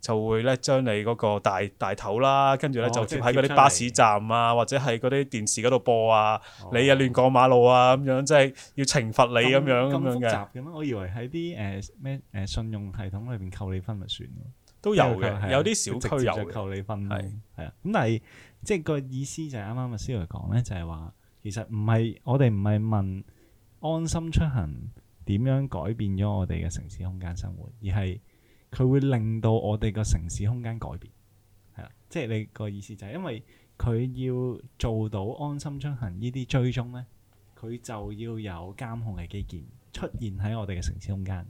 就會咧將你嗰個大大頭啦、啊，跟住咧就接喺嗰啲巴士站啊，或者係嗰啲電視嗰度播啊，哦、你又亂過馬路啊咁樣，即係要懲罰你咁樣咁樣嘅。咁複雜咁啊！我以為喺啲誒咩誒信用系統裏邊扣你分咪算咯，都有嘅，有啲小區有扣你分係係啊。咁的但係即係個意思就係啱啱阿思睿講咧，就係、是、話、就是、其實唔係我哋唔係問。安心出行點樣改變咗我哋嘅城市空間生活？而係佢會令到我哋個城市空間改變，係啊，即係你個意思就係因為佢要做到安心出行呢啲追蹤咧，佢就要有監控嘅基建出現喺我哋嘅城市空間，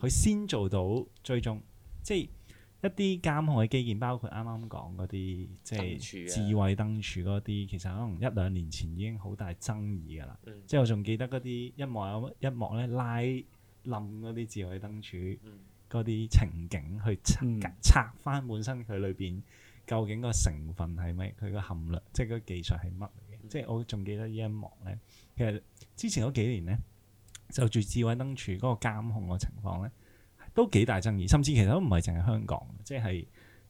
佢先做到追蹤，即係。一啲監控嘅基建，包括啱啱講嗰啲，即係智慧燈柱嗰啲，嗯、其實可能一兩年前已經好大爭議噶啦。嗯、即係我仲記得嗰啲一幕有一幕咧拉冧嗰啲智慧燈柱，嗰啲情景去拆、嗯、拆翻本身佢裏邊究竟個成分係咪佢個含量，即係個技術係乜嚟嘅？嗯、即係我仲記得呢一幕咧，其實之前嗰幾年咧，就住智慧燈柱嗰個監控嘅情況咧，都幾大爭議，甚至其實都唔係淨係香港，即係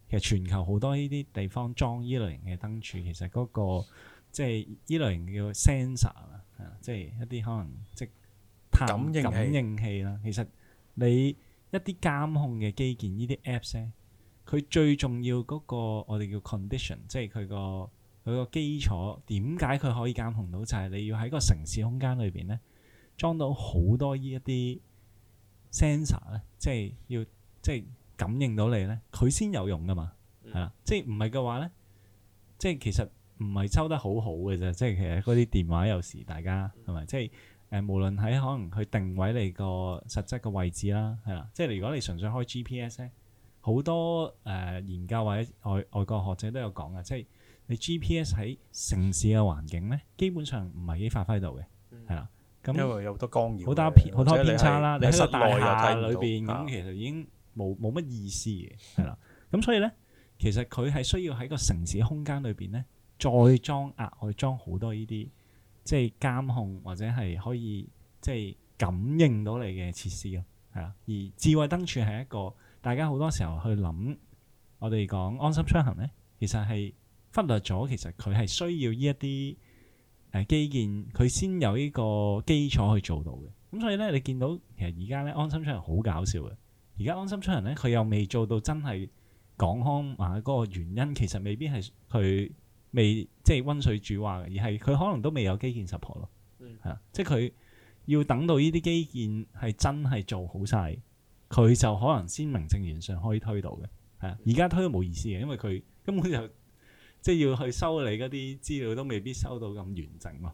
其實全球好多呢啲地方裝呢類型嘅燈柱，其實嗰個即係呢類型叫 sensor 啦，嚇，即係一啲可能即係感應器啦。其實你一啲監控嘅基建，呢啲 apps 咧，佢最重要嗰個我哋叫 condition，即係佢個佢個基礎點解佢可以監控到，就係你要喺個城市空間裏邊咧裝到好多呢一啲。Sensor 咧，即係要即係感應到你咧，佢先有用噶嘛，係啦、嗯。即係唔係嘅話咧，即係其實唔係收得好好嘅啫。即係其實嗰啲電話有時大家係咪、嗯？即係誒、呃，無論喺可能佢定位你個實質嘅位置啦，係啦。即係如果你純粹開 GPS 咧，好多誒研究或者外外國學者都有講嘅，即係你 GPS 喺城市嘅環境咧，基本上唔係幾發揮到嘅，係啦、嗯。咁因為有好多干擾，好多偏好多偏差啦。你喺個大廈裏邊，咁其實已經冇冇乜意思嘅，係啦。咁所以咧，其實佢係需要喺個城市空間裏邊咧，再裝壓去裝好多呢啲，即係監控或者係可以即係感應到你嘅設施咯，係啦。而智慧燈柱係一個大家好多時候去諗，我哋講安心出行咧，其實係忽略咗其實佢係需要呢一啲。啊、基建佢先有呢個基礎去做到嘅。咁所以咧，你見到其實而家咧安心出行好搞笑嘅，而家安心出行咧佢又未做到真係港康啊嗰，那個原因其實未必係佢未即係溫水煮話嘅，而係佢可能都未有基建十項咯，係啊，嗯，即係佢要等到呢啲基建係真係做好晒，佢就可能先名正言順可以推到嘅，係啊，而家推都冇意思嘅，因為佢根本就。即係要去收你嗰啲資料，都未必收到咁完整喎。係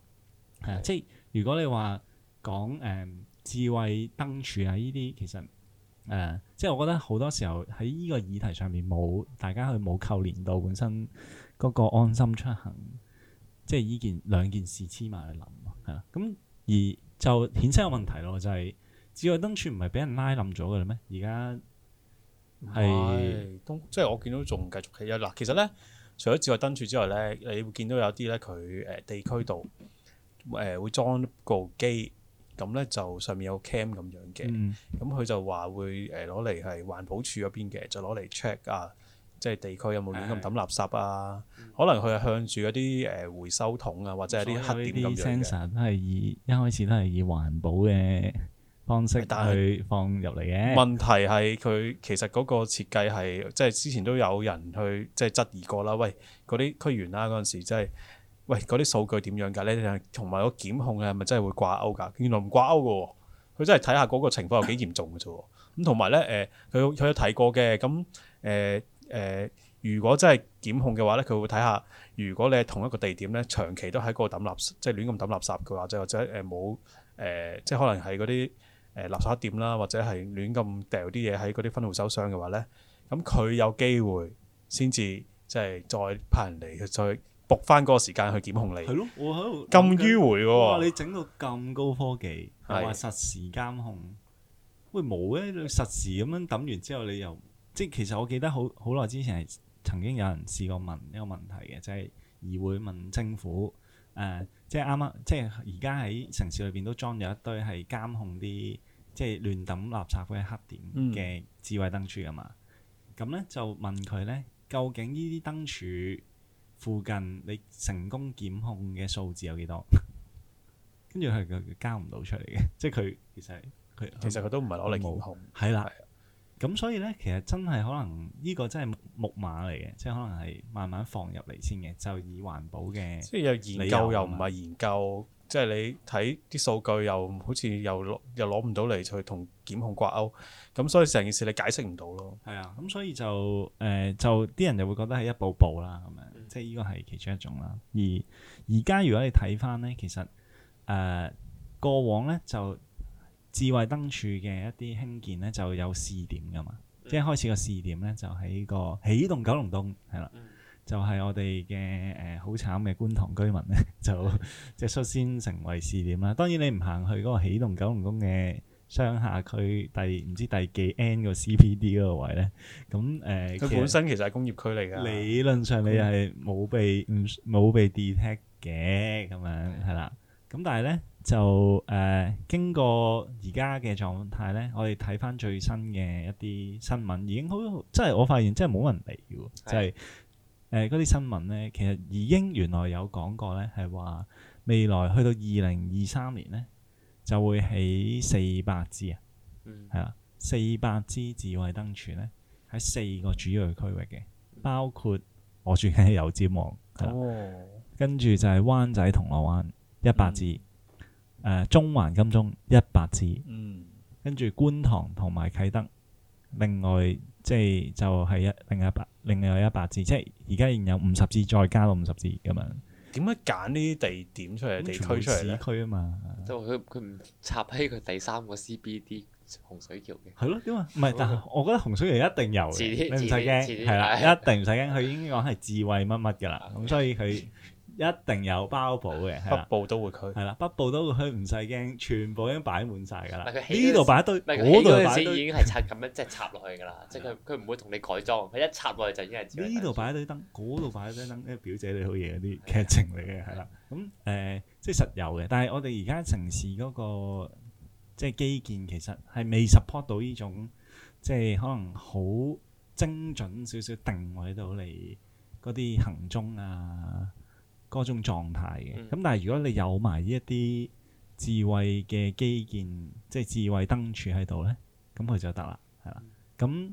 是的 啊，即係如果你話講誒、嗯、智慧燈柱啊，呢啲其實誒、啊，即係我覺得好多時候喺呢個議題上面，冇大家去冇扣連到本身嗰個安心出行，即係呢件兩件事黐埋去諗啊。咁、嗯、而就顯身有問題咯，就係、是、智慧燈柱唔係俾人拉冧咗㗎喇咩？而家係即係我見到仲繼續起啊嗱，其實咧。除咗智慧燈柱之外咧，你會見到有啲咧佢誒地區度誒會裝個機，咁咧就上面有 cam 咁、嗯、樣嘅，咁佢就話會誒攞嚟係環保署嗰邊嘅，就攞嚟 check 啊，即係地區有冇亂咁抌垃圾啊，嗯、可能佢係向住一啲誒回收桶啊或者係啲黑點咁嘅。啲 sensor、嗯嗯嗯、都係以一開始都係以環保嘅。嗯方式，但係放入嚟嘅問題，係佢其實嗰個設計係即係之前都有人去即係質疑過啦。喂，嗰啲區議員啦嗰陣時、就是，即係喂嗰啲數據點樣噶咧？同埋個檢控係咪真係會掛鈎噶，原來唔掛鈎嘅，佢真係睇下嗰個情況有幾嚴重嘅啫。咁同埋咧，誒佢佢有提過嘅，咁誒誒如果真係檢控嘅話咧，佢會睇下如果你係同一個地點咧，長期都喺嗰度抌垃，即係亂咁抌垃圾嘅話，即或者誒冇誒即係可能係嗰啲。誒、呃、垃圾點啦，或者係亂咁掉啲嘢喺嗰啲分類手箱嘅話咧，咁佢有機會先至即係再派人嚟去再撥翻嗰個時間去檢控你。係咯，我喺度咁迂迴喎、哦。你整到咁高科技，話的實時監控，喂，冇咧？實時咁樣揼完之後，你又即係其實我記得好好耐之前係曾經有人試過問呢個問題嘅，即係議會問政府。誒、呃，即係啱啱，即係而家喺城市裏邊都裝咗一堆係監控啲，即係亂抌垃圾或者黑點嘅智慧燈柱㗎嘛。咁咧、嗯、就問佢咧，究竟呢啲燈柱附近你成功檢控嘅數字有幾多？ 跟住係佢交唔到出嚟嘅，即係佢其實佢其實佢都唔係攞嚟檢控，係啦。咁所以咧，其實真係可能呢個真係木馬嚟嘅，即係可能係慢慢放入嚟先嘅，就以環保嘅即係又研究又唔係研究，即係、嗯、你睇啲數據又好似又攞、嗯、又攞唔到嚟去同檢控掛鈎，咁所以成件事你解釋唔到咯。係啊，咁、嗯、所以就誒、呃、就啲人就會覺得係一步步啦咁樣，是是嗯、即係呢個係其中一種啦。而而家如果你睇翻咧，其實誒、呃、過往咧就。智慧燈柱嘅一啲興建咧，就有試點噶嘛，即係開始個試點咧，就喺個起動九龍東係啦，就係我哋嘅誒好慘嘅觀塘居民咧，就即係率先成為試點啦。當然你唔行去嗰個起動九龍東嘅商廈區第唔知第幾 N 個 CPD 嗰個位咧，咁誒，佢本身其實係工業區嚟㗎。理論上你係冇被唔冇被 detect 嘅咁樣係啦，咁但係咧。就誒、呃、經過而家嘅狀態咧，我哋睇翻最新嘅一啲新聞，已經好即係我發現，即係冇人嚟喎，即係誒嗰啲新聞咧。其實已經原來有講過咧，係話未來去到二零二三年咧，就會起四百支啊，係啦、嗯，四百支智慧燈柱咧喺四個主要區域嘅，包括、嗯、我住喺油尖旺，哦、跟住就係灣仔銅鑼灣一百支、嗯。嗯誒中環金鐘一百支，嗯，跟住觀塘同埋啟德，另外即係就係一另一百，另外一百支，即係而家仍有五十支，再加到五十支咁樣。點解揀呢啲地點出嚟地區出市區啊嘛，就係佢唔插喺佢第三個 CBD 洪水橋嘅。係咯，點啊？唔係，但係我覺得洪水橋一定有，你唔使驚，係啦，一定唔使驚，佢已經講係智慧乜乜㗎啦，咁所以佢。一定有包保嘅，北部都會區係啦，北部都會區唔使驚，全部已經擺滿晒㗎啦。呢度擺一堆，嗰度先已經係插咁樣，即係插落去㗎啦。即係佢佢唔會同你改裝，佢一插落去就已經係。呢度擺一堆燈，嗰度擺一堆燈，啲表姐你好嘢嗰啲劇情嚟嘅係啦。咁誒，即係實有嘅，但係我哋而家城市嗰個即係基建，其實係未 support 到呢種即係可能好精準少少定位到嚟嗰啲行蹤啊。嗰種狀態嘅，咁、嗯、但係如果你有埋呢一啲智慧嘅基建，即、就、係、是、智慧燈柱喺度咧，咁佢就得啦，係啦。咁誒、嗯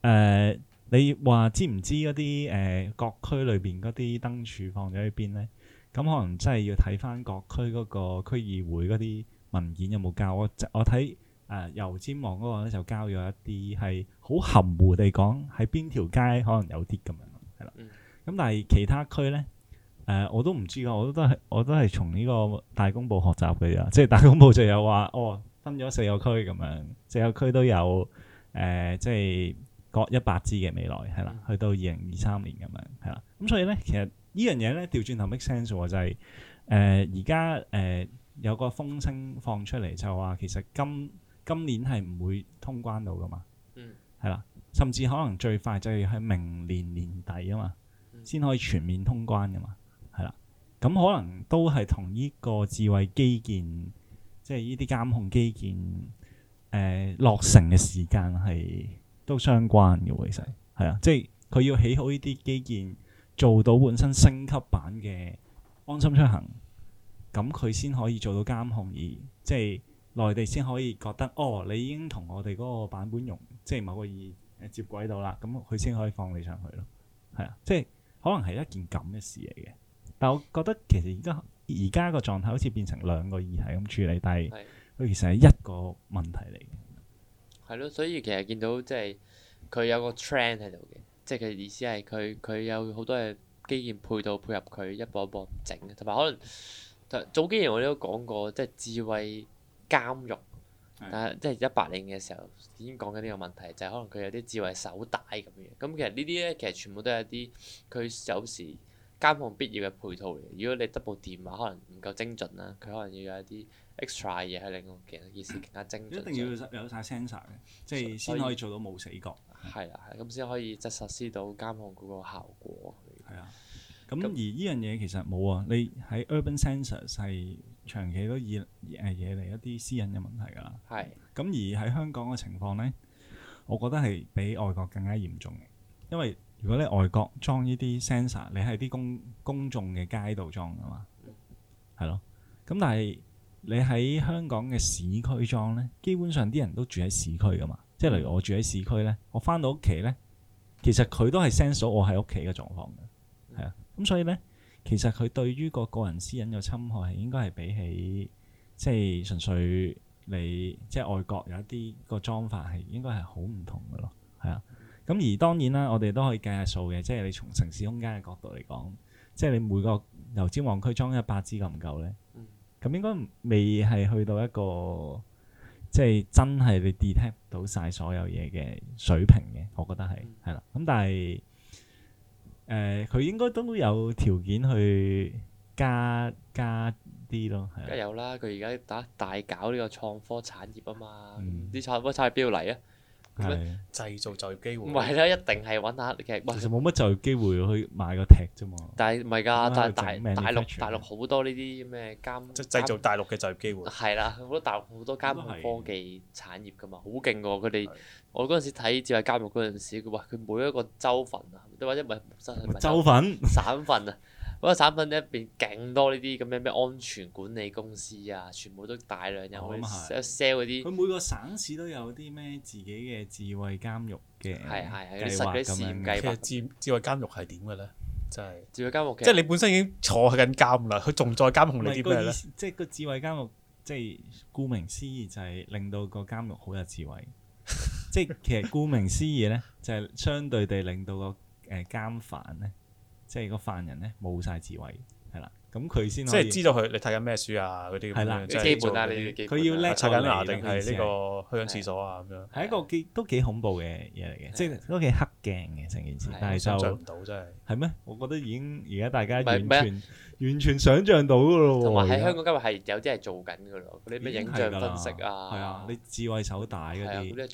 嗯呃，你話知唔知嗰啲誒各區裏邊嗰啲燈柱放咗喺邊咧？咁可能真係要睇翻各區嗰個區議會嗰啲文件有冇交啊？我我睇誒油尖旺嗰個咧就交咗一啲，係好含糊地講喺邊條街可能有啲咁樣，係啦。咁、嗯嗯嗯、但係其他區咧。誒、呃，我都唔知㗎，我都都係我都係從呢個大公報學習嘅啫，即係大公報就有話，哦，分咗四個區咁樣，四個區都有誒、呃，即係各一百支嘅未來係啦，去到二零二三年咁樣係啦。咁、嗯、所以咧，其實呢樣嘢咧，調轉頭 make sense 喎、就是，就係誒而家誒有個風聲放出嚟，就話其實今今年係唔會通關到噶嘛，嗯，係啦，甚至可能最快就要喺明年年底啊嘛，先、嗯、可以全面通關噶嘛。咁可能都係同呢個智慧基建，即係呢啲監控基建，誒、呃、落成嘅時間係都相關嘅。其實係啊，即係佢要起好呢啲基建，做到本身升級版嘅安心出行，咁佢先可以做到監控，而即係內地先可以覺得，哦，你已經同我哋嗰個版本用，即係某個嘢接軌到啦，咁佢先可以放你上去咯。係啊，即係可能係一件咁嘅事嚟嘅。但我覺得其實而家而家個狀態好似變成兩個議題咁處理，但係佢其實係一個問題嚟嘅。係咯，所以其實見到即係佢有個 trend 喺度嘅，即係佢意思係佢佢有好多嘅基建配套配合佢一步一步整，同埋可能早幾年我哋都講過，即係智慧監獄，的但係即係一八年嘅時候已經講緊呢個問題，就係、是、可能佢有啲智慧手帶咁樣。咁其實呢啲咧，其實全部都係一啲佢有時。監控必要嘅配套嚟，如果你得部電話，可能唔夠精準啦，佢可能要有一啲 extra 嘢喺你嘅，意思更加精準。一定要有晒 sensor 嘅，即係先可以做到冇死角。係啊，咁先、啊啊、可以即係實施到監控嗰個效果。係啊，咁、啊、那而呢樣嘢其實冇啊，你喺 Urban sensors 係長期都以誒惹嚟一啲私隱嘅問題㗎啦。係、啊。咁而喺香港嘅情況咧，我覺得係比外國更加嚴重，嘅，因為。如果你外國裝呢啲 sensor，你喺啲公公眾嘅街道裝噶嘛，係咯。咁但係你喺香港嘅市區裝咧，基本上啲人都住喺市區噶嘛。即係例如我住喺市區咧，我翻到屋企咧，其實佢都係 sense 到我喺屋企嘅狀況嘅，係啊。咁、嗯、所以咧，其實佢對於個個人私隱嘅侵害，係應該係比起即係純粹你即係、就是、外國有一啲個裝法係應該係好唔同嘅咯。咁而當然啦，我哋都可以計下數嘅，即係你從城市空間嘅角度嚟講，即係你每個油尖旺區裝一百支夠唔夠咧？咁、嗯、應該未係去到一個即係真係你 detect 到晒所有嘢嘅水平嘅，我覺得係係啦。咁、嗯、但係誒，佢、呃、應該都有條件去加、嗯、加啲咯，係。梗係有啦，佢而家打大搞呢個創科產業啊嘛，啲、嗯、創科產業邊嚟啊？咩製造就業機會？唔係啦，一定係揾下其實冇乜就業機會去買個踢啫嘛。但係唔係㗎，但係大大陸大陸好多呢啲咩監製造大陸嘅就業機會。係啦，好多大陸好多監控科技產業㗎嘛，好勁喎！佢哋的我嗰陣時睇《智慧監控》嗰陣時，佢話佢每一個州份啊，亦或者唔係州份、省份啊。 嗰個產品一變勁多呢啲咁樣咩安全管理公司啊，全部都大量有 sell 嗰啲。佢每個省市都有啲咩？自己嘅智慧監獄嘅。係係係。實啲試驗計劃。其實智智慧監獄係點嘅咧？就係智慧監獄，即係你本身已經坐喺緊監啦，佢仲再監控你啲咩咧？即係個智慧監獄，即係顧名思義就係令到個監獄好有智慧。即係其實顧名思義咧，就係相對地令到個誒監犯咧。即係個犯人咧冇晒智慧，係啦，咁佢先即係知道佢你睇緊咩書啊嗰啲，係啦，即係基本啦，你佢要叻刷緊牙定係呢個去上廁所啊咁樣，係一個幾都幾恐怖嘅嘢嚟嘅，即係都幾黑鏡嘅成件事，但係就想像唔到真係。係咩？我覺得已經而家大家完全完全想像到噶咯，同埋喺香港今日係有啲係做緊噶咯，嗰啲咩影像分析啊，係啊，你智慧手帶嗰啲，你咧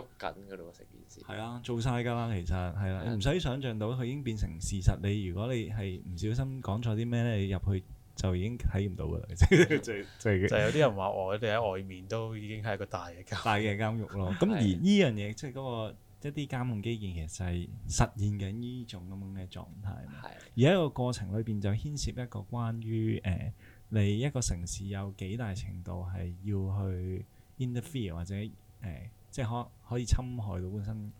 喐緊噶咯喎，成件事。係啊，做晒噶啦，其實係啦，唔使、啊啊、想象到，佢已經變成事實。你如果你係唔小心講錯啲咩咧，你入去就已經體驗到噶啦。就係、有啲人話我哋喺外面都已經係一個大嘅監。大嘅監獄咯。咁 而呢樣嘢，即係嗰個、就係、一啲監控基建，其實係實現緊呢種咁嘅狀態。 的而喺個過程裏邊就牽涉一個關於誒、呃，你一個城市有幾大程度係要去 interfere 或者誒？即係可可以侵害到本身，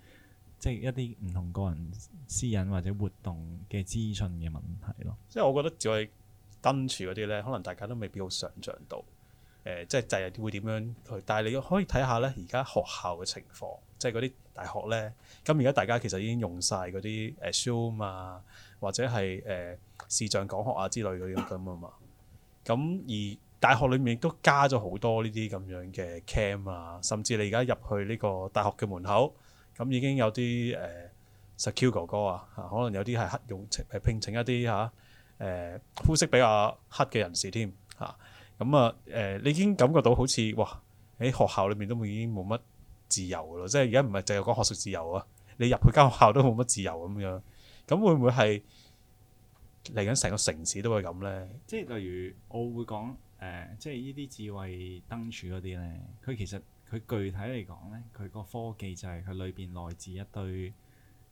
即係一啲唔同個人私隱或者活動嘅資訊嘅問題咯。即係我覺得只係登處嗰啲咧，可能大家都未必好想像到，誒、呃，即係就係會點樣去。但係你可以睇下咧，而家學校嘅情況，即係嗰啲大學咧，咁而家大家其實已經用晒嗰啲誒 Zoom 啊，或者係誒、呃、視像講學啊之類嗰啲咁啊嘛。咁 而大學裏面都加咗好多呢啲咁樣嘅 cam 啊，甚至你而家入去呢個大學嘅門口，咁已經有啲誒 secure 哥哥啊，吓可能有啲係黑用誒聘請一啲吓誒膚色比較黑嘅人士添吓，咁啊誒、啊呃，你已經感覺到好似哇喺學校裏面都已經冇乜自由咯，即係而家唔係淨係講學術自由啊，你入去間學校都冇乜自由咁樣，咁會唔會係嚟緊成個城市都會咁咧？即係例如我會講。誒、呃，即係呢啲智慧燈柱嗰啲咧，佢其實佢具體嚟講咧，佢個科技就係佢裏邊內置一堆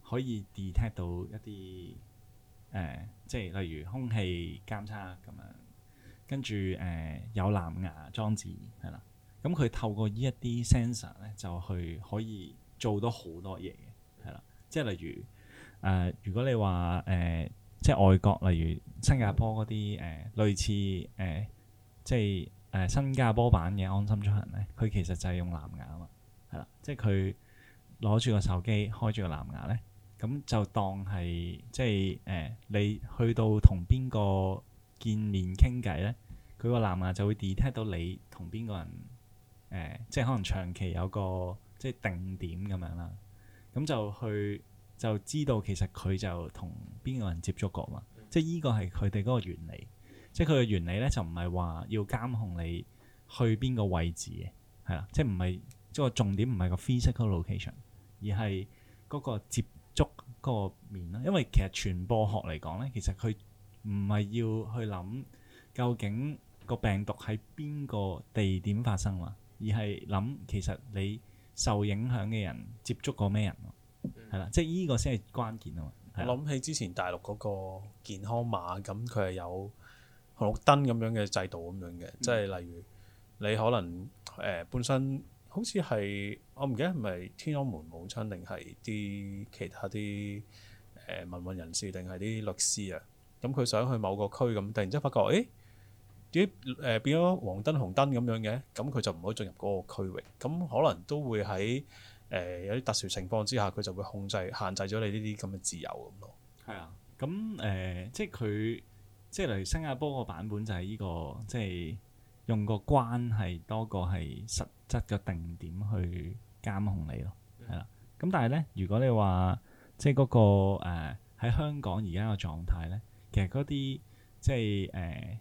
可以 detect 到一啲誒、呃，即係例如空氣監測咁樣，跟住誒、呃、有藍牙裝置係啦，咁佢、嗯、透過呢一啲 sensor 咧，就去可以做到好多嘢嘅係啦，即係例如誒、呃，如果你話誒、呃，即係外國例如新加坡嗰啲誒，類似誒、呃即係誒、呃，新加坡版嘅安心出行咧，佢其實就係用藍牙啊嘛，係啦，即係佢攞住個手機開住個藍牙咧，咁就當係即係誒、呃，你去到同邊個見面傾偈咧，佢個藍牙就會 detect 到你同邊個人，誒、呃，即係可能長期有個即係定點咁樣啦，咁就去就知道其實佢就同邊個人接觸過嘛，即係呢個係佢哋嗰個原理。即係佢嘅原理咧，就唔係話要監控你去邊個位置嘅，係啦，即係唔係即個重點唔係個 physical location，而係嗰個接觸嗰個面啦。因為其實傳播學嚟講咧，其實佢唔係要去諗究竟個病毒喺邊個地點發生嘛，而係諗其實你受影響嘅人接觸過咩人，係啦、嗯，即係依個先係關鍵啊嘛。我諗起之前大陸嗰個健康碼，咁佢係有。紅綠燈咁樣嘅制度咁樣嘅，即係例如你可能誒、呃、本身好似係我唔記得係咪天安門母親，定係啲其他啲誒民運人士，定係啲律師啊？咁佢想去某個區，咁突然之間發覺，誒啲誒變咗黃燈紅燈咁樣嘅，咁佢就唔可以進入嗰個區域。咁可能都會喺誒、呃、有啲特殊情況之下，佢就會控制限制咗你呢啲咁嘅自由咁咯。係啊，咁誒、呃、即係佢。即係例如新加坡個版本就係呢個，即係用個關係多過係實質嘅定點去監控你咯，係啦。咁但係咧，如果你話即係嗰個喺、呃、香港而家嘅狀態咧，其實嗰啲即係誒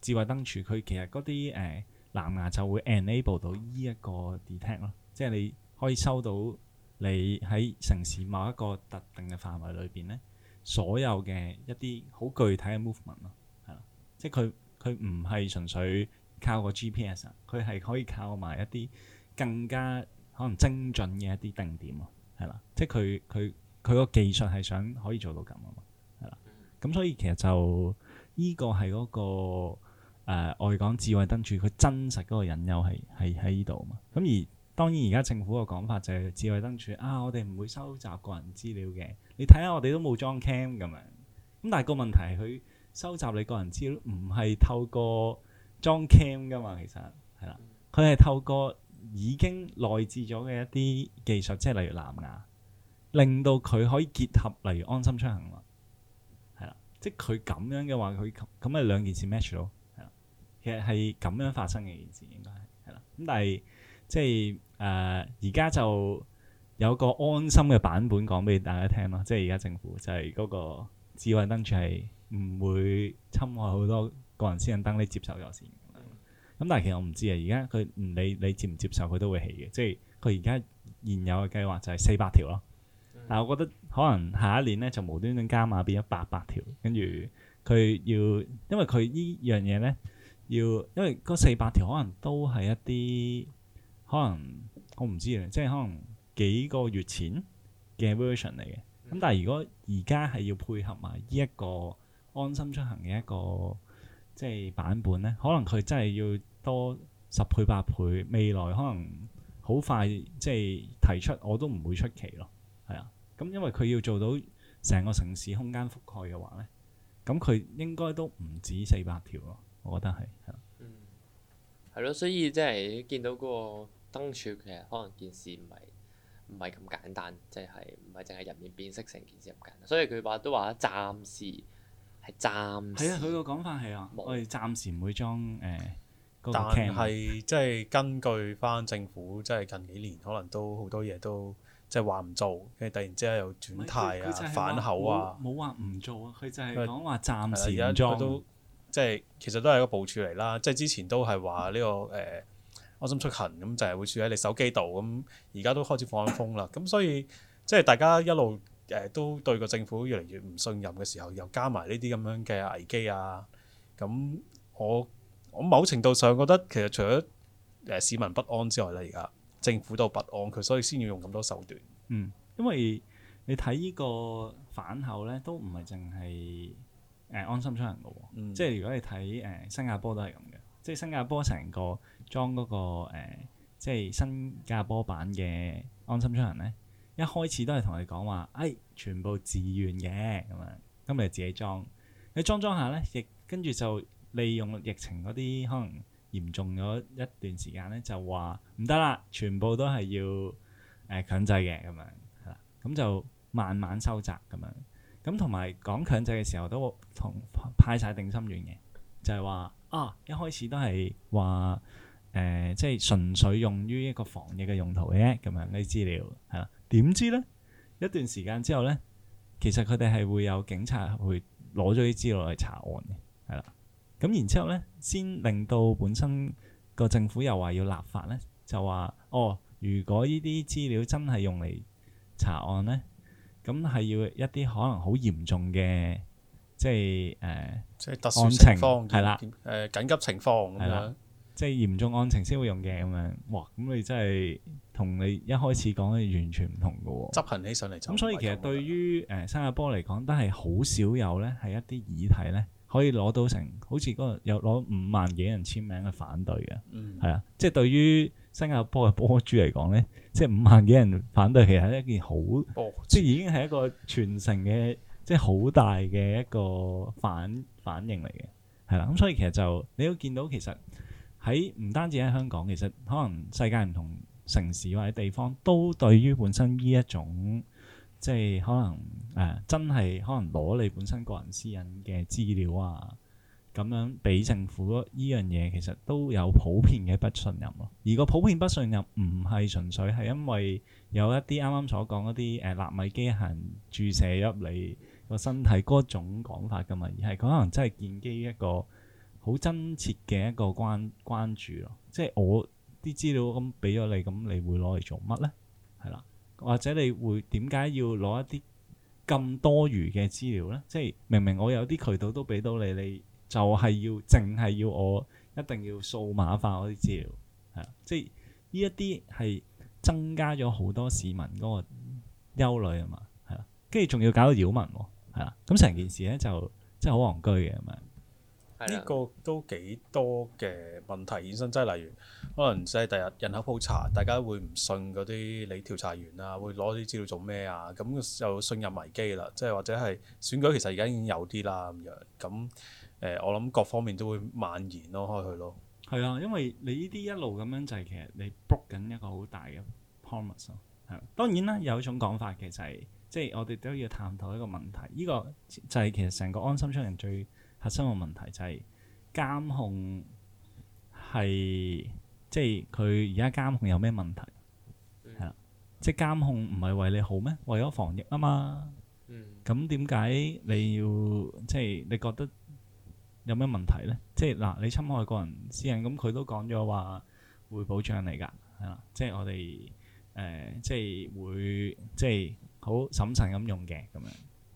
智慧燈柱區，其實嗰啲誒藍牙就會 enable 到呢一個 detect 咯，即係你可以收到你喺城市某一個特定嘅範圍裏邊咧。所有嘅一啲好具體嘅 movement 咯，係啦，即係佢佢唔係純粹靠個 GPS 佢係可以靠埋一啲更加可能精準嘅一啲定點啊，係啦，即係佢佢佢個技術係想可以做到咁啊嘛，係啦，咁所以其實就呢個係嗰、那個外港、呃、智慧燈柱佢真實嗰個隱憂係係喺呢度啊嘛，咁而當然而家政府個講法就係智慧燈柱啊，我哋唔會收集個人資料嘅。你睇下，我哋都冇裝 cam 咁樣，咁但係個問題係佢收集你個人資料，唔係透過裝 cam 噶嘛？其實係啦，佢係透過已經內置咗嘅一啲技術，即係例如藍牙，令到佢可以結合，例如安心出行嘛，係啦，即係佢咁樣嘅話，佢咁咪兩件事 match 囉，係啦，其實係咁樣發生嘅件事應該係，係啦，咁但係即係誒而家就。有個安心嘅版本講俾大家聽咯，即係而家政府就係嗰個智慧燈柱係唔會侵害好多個人私隱燈，你接受咗先咁。但係其實我唔知啊，而家佢唔理你接唔接受，佢都會起嘅。即係佢而家現有嘅計劃就係四百條咯。但係我覺得可能下一年咧就無端端加碼變咗八百條，跟住佢要因為佢呢樣嘢咧要，因為嗰四百條可能都係一啲可能我唔知啊，即係可能。幾個月前嘅 version 嚟嘅，咁但係如果而家係要配合埋呢一個安心出行嘅一個即係版本咧，可能佢真係要多十倍八倍，未來可能好快即係提出，我都唔會出奇咯。係啊，咁因為佢要做到成個城市空間覆蓋嘅話咧，咁佢應該都唔止四百條咯，我覺得係。嗯，係咯，所以即係見到嗰個燈柱其實可能件事唔係。唔係咁簡單，即係唔係淨係入面變色成件事咁簡單，所以佢話都話暫時係暫時啊！佢個講法係啊，門我哋暫時唔會裝誒，呃那個、但係即係根據翻政府，即係近幾年可能都好多嘢都即係話唔做，跟住突然之間又轉態啊、反口啊，冇話唔做啊，佢就係講話暫時啊裝，誒、嗯，都即係其實都係一個部署嚟啦，即係之前都係話呢個誒。呃安心出行咁就係會儲喺你手機度，咁而家都開始放緊風啦。咁所以即係大家一路誒、呃、都對個政府越嚟越唔信任嘅時候，又加埋呢啲咁樣嘅危機啊，咁我我某程度上覺得其實除咗誒、呃、市民不安之外咧，而家政府都不安佢，所以先要用咁多手段。嗯，因為你睇呢個反口咧，都唔係淨係誒安心出行嘅喎。嗯、即係如果你睇誒、呃、新加坡都係咁嘅，即係新加坡成個。裝嗰、嗰個、呃、即係新加坡版嘅安心出行咧，一開始都係同你講話，誒、哎，全部自願嘅咁樣，咁咪自己裝。你裝裝下咧，亦跟住就利用疫情嗰啲可能嚴重咗一段時間咧，就話唔得啦，全部都係要誒強、呃、制嘅咁樣，係啦，咁就慢慢收窄咁樣。咁同埋講強制嘅時候，都同派晒定心丸嘅，就係、係、話啊，一開始都係話。誒，即係純粹用於一個防疫嘅用途嘅咁樣啲資料，係啦，點知呢一段時間之後呢，其實佢哋係會有警察去攞咗啲資料嚟查案嘅，係啦，咁然之後呢，先令到本身個政府又話要立法呢，就話哦，如果呢啲資料真係用嚟查案呢，咁係要一啲可能好嚴重嘅，即係誒，即係特殊情況，係啦，誒緊急情況咁樣。即係嚴重案情先會用嘅咁樣，哇！咁你真係同你一開始講嘅完全唔同㗎喎。執行起上嚟咁，所以其實對於誒新加坡嚟講，都係好少有咧，係一啲議題咧可以攞到成好似嗰個有攞五萬幾人簽名嘅反對嘅，嗯，係啊，即係對於新加坡嘅波主嚟講咧，即係五萬幾人反對，其實係一件好，次即係已經係一個全城嘅，即係好大嘅一個反反應嚟嘅，係啦。咁所以其實就你會見到其實。喺唔單止喺香港，其實可能世界唔同城市或者地方都對於本身呢一種即係可能誒、呃、真係可能攞你本身個人私隱嘅資料啊，咁樣俾政府呢樣嘢，其實都有普遍嘅不信任咯。而個普遍不信任唔係純粹係因為有一啲啱啱所講一啲誒納米機械人注射入你個身體嗰種講法噶嘛，而係佢可能真係建基於一個。好真切嘅一個關關注咯，即係我啲資料咁俾咗你，咁你會攞嚟做乜咧？係啦，或者你會點解要攞一啲咁多餘嘅資料咧？即係明明我有啲渠道都俾到你，你就係要淨係要我一定要數碼化我啲資料，係啊，即係呢一啲係增加咗好多市民嗰個憂慮啊嘛，係啊，跟住仲要搞到擾民，係啊，咁成件事咧就即係好戇居嘅咁樣。呢個都幾多嘅問題衍生，即係例如，可能即係第日人口普查，大家會唔信嗰啲你調查員啊，會攞啲資料做咩啊？咁又信任危機啦，即係或者係選舉，其實而家已經有啲啦咁樣。咁、呃、誒，我諗各方面都會蔓延開去咯。係啊，因為你呢啲一路咁樣就係、是、其實你 book 緊一個好大嘅 promise 咯。係啊，當然啦，有一種講法其實就係、是，即係我哋都要探討一個問題。呢、這個就係其實成個安心出行最。核心嘅問題就係監控係即係佢而家監控有咩問題？係啦，即係監控唔係為你好咩？為咗防疫啊嘛。咁點解你要即係你覺得有咩問題咧？即係嗱，你侵害個人私隱，咁佢都講咗話會保障你㗎，係啦。即係我哋誒即係會即係好審慎咁用嘅咁樣，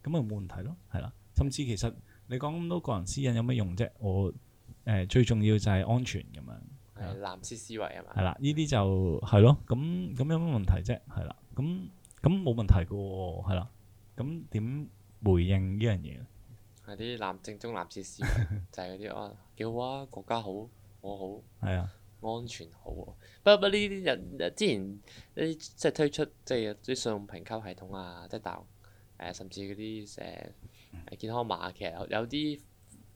咁咪冇問題咯，係啦。甚至其實。你講咁多個人私隱有咩用啫？我誒、呃、最重要就係安全咁樣，係藍絲思，思維係嘛？係啦，呢啲就係咯，咁咁有乜問題啫？係啦，咁咁冇問題嘅喎、哦，係啦，咁點回應呢樣嘢啊？係啲藍正中藍絲思，思維， 就係嗰啲啊幾好啊，國家好，我好，好，係啊的，安全好。不過呢啲人之前啲即係推出即係啲信用評級系統啊，即、就、係、是、大陸、呃，甚至嗰啲誒。健康碼其實有啲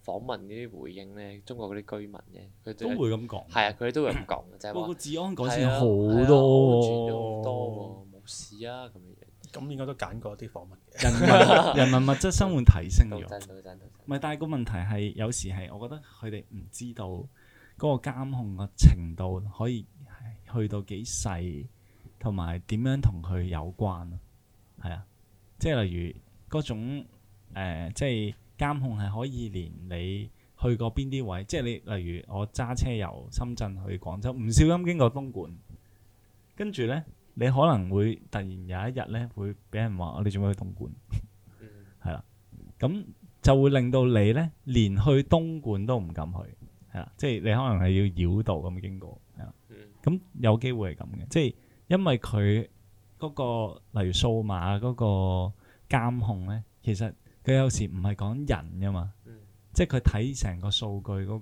訪問嗰啲回應咧，中國嗰啲居民咧，佢都,都會咁講，係啊，佢都會咁講，即係個治安改善好多，多冇、嗯、事啊咁樣，咁應該都揀過一啲訪問。人物 人民物,物質生活提升到，唔係，但係個問題係，有時係我覺得佢哋唔知道嗰個監控嘅程度可以去到幾細，同埋點樣同佢有關啊？係啊，即係例如嗰種。誒、呃，即係監控係可以連你去過邊啲位，即係你例如我揸車由深圳去廣州，唔小心經過東莞，跟住咧你可能會突然有一日咧會俾人話我你做咩去東莞？係 啦、嗯，咁就會令到你咧連去東莞都唔敢去，係啦，即係你可能係要繞道咁經過，係啦，咁、嗯、有機會係咁嘅，即係因為佢嗰、那個例如數碼嗰、那個監控咧，其實。佢有時唔係講人噶嘛，嗯、即係佢睇成個數據嗰、嗰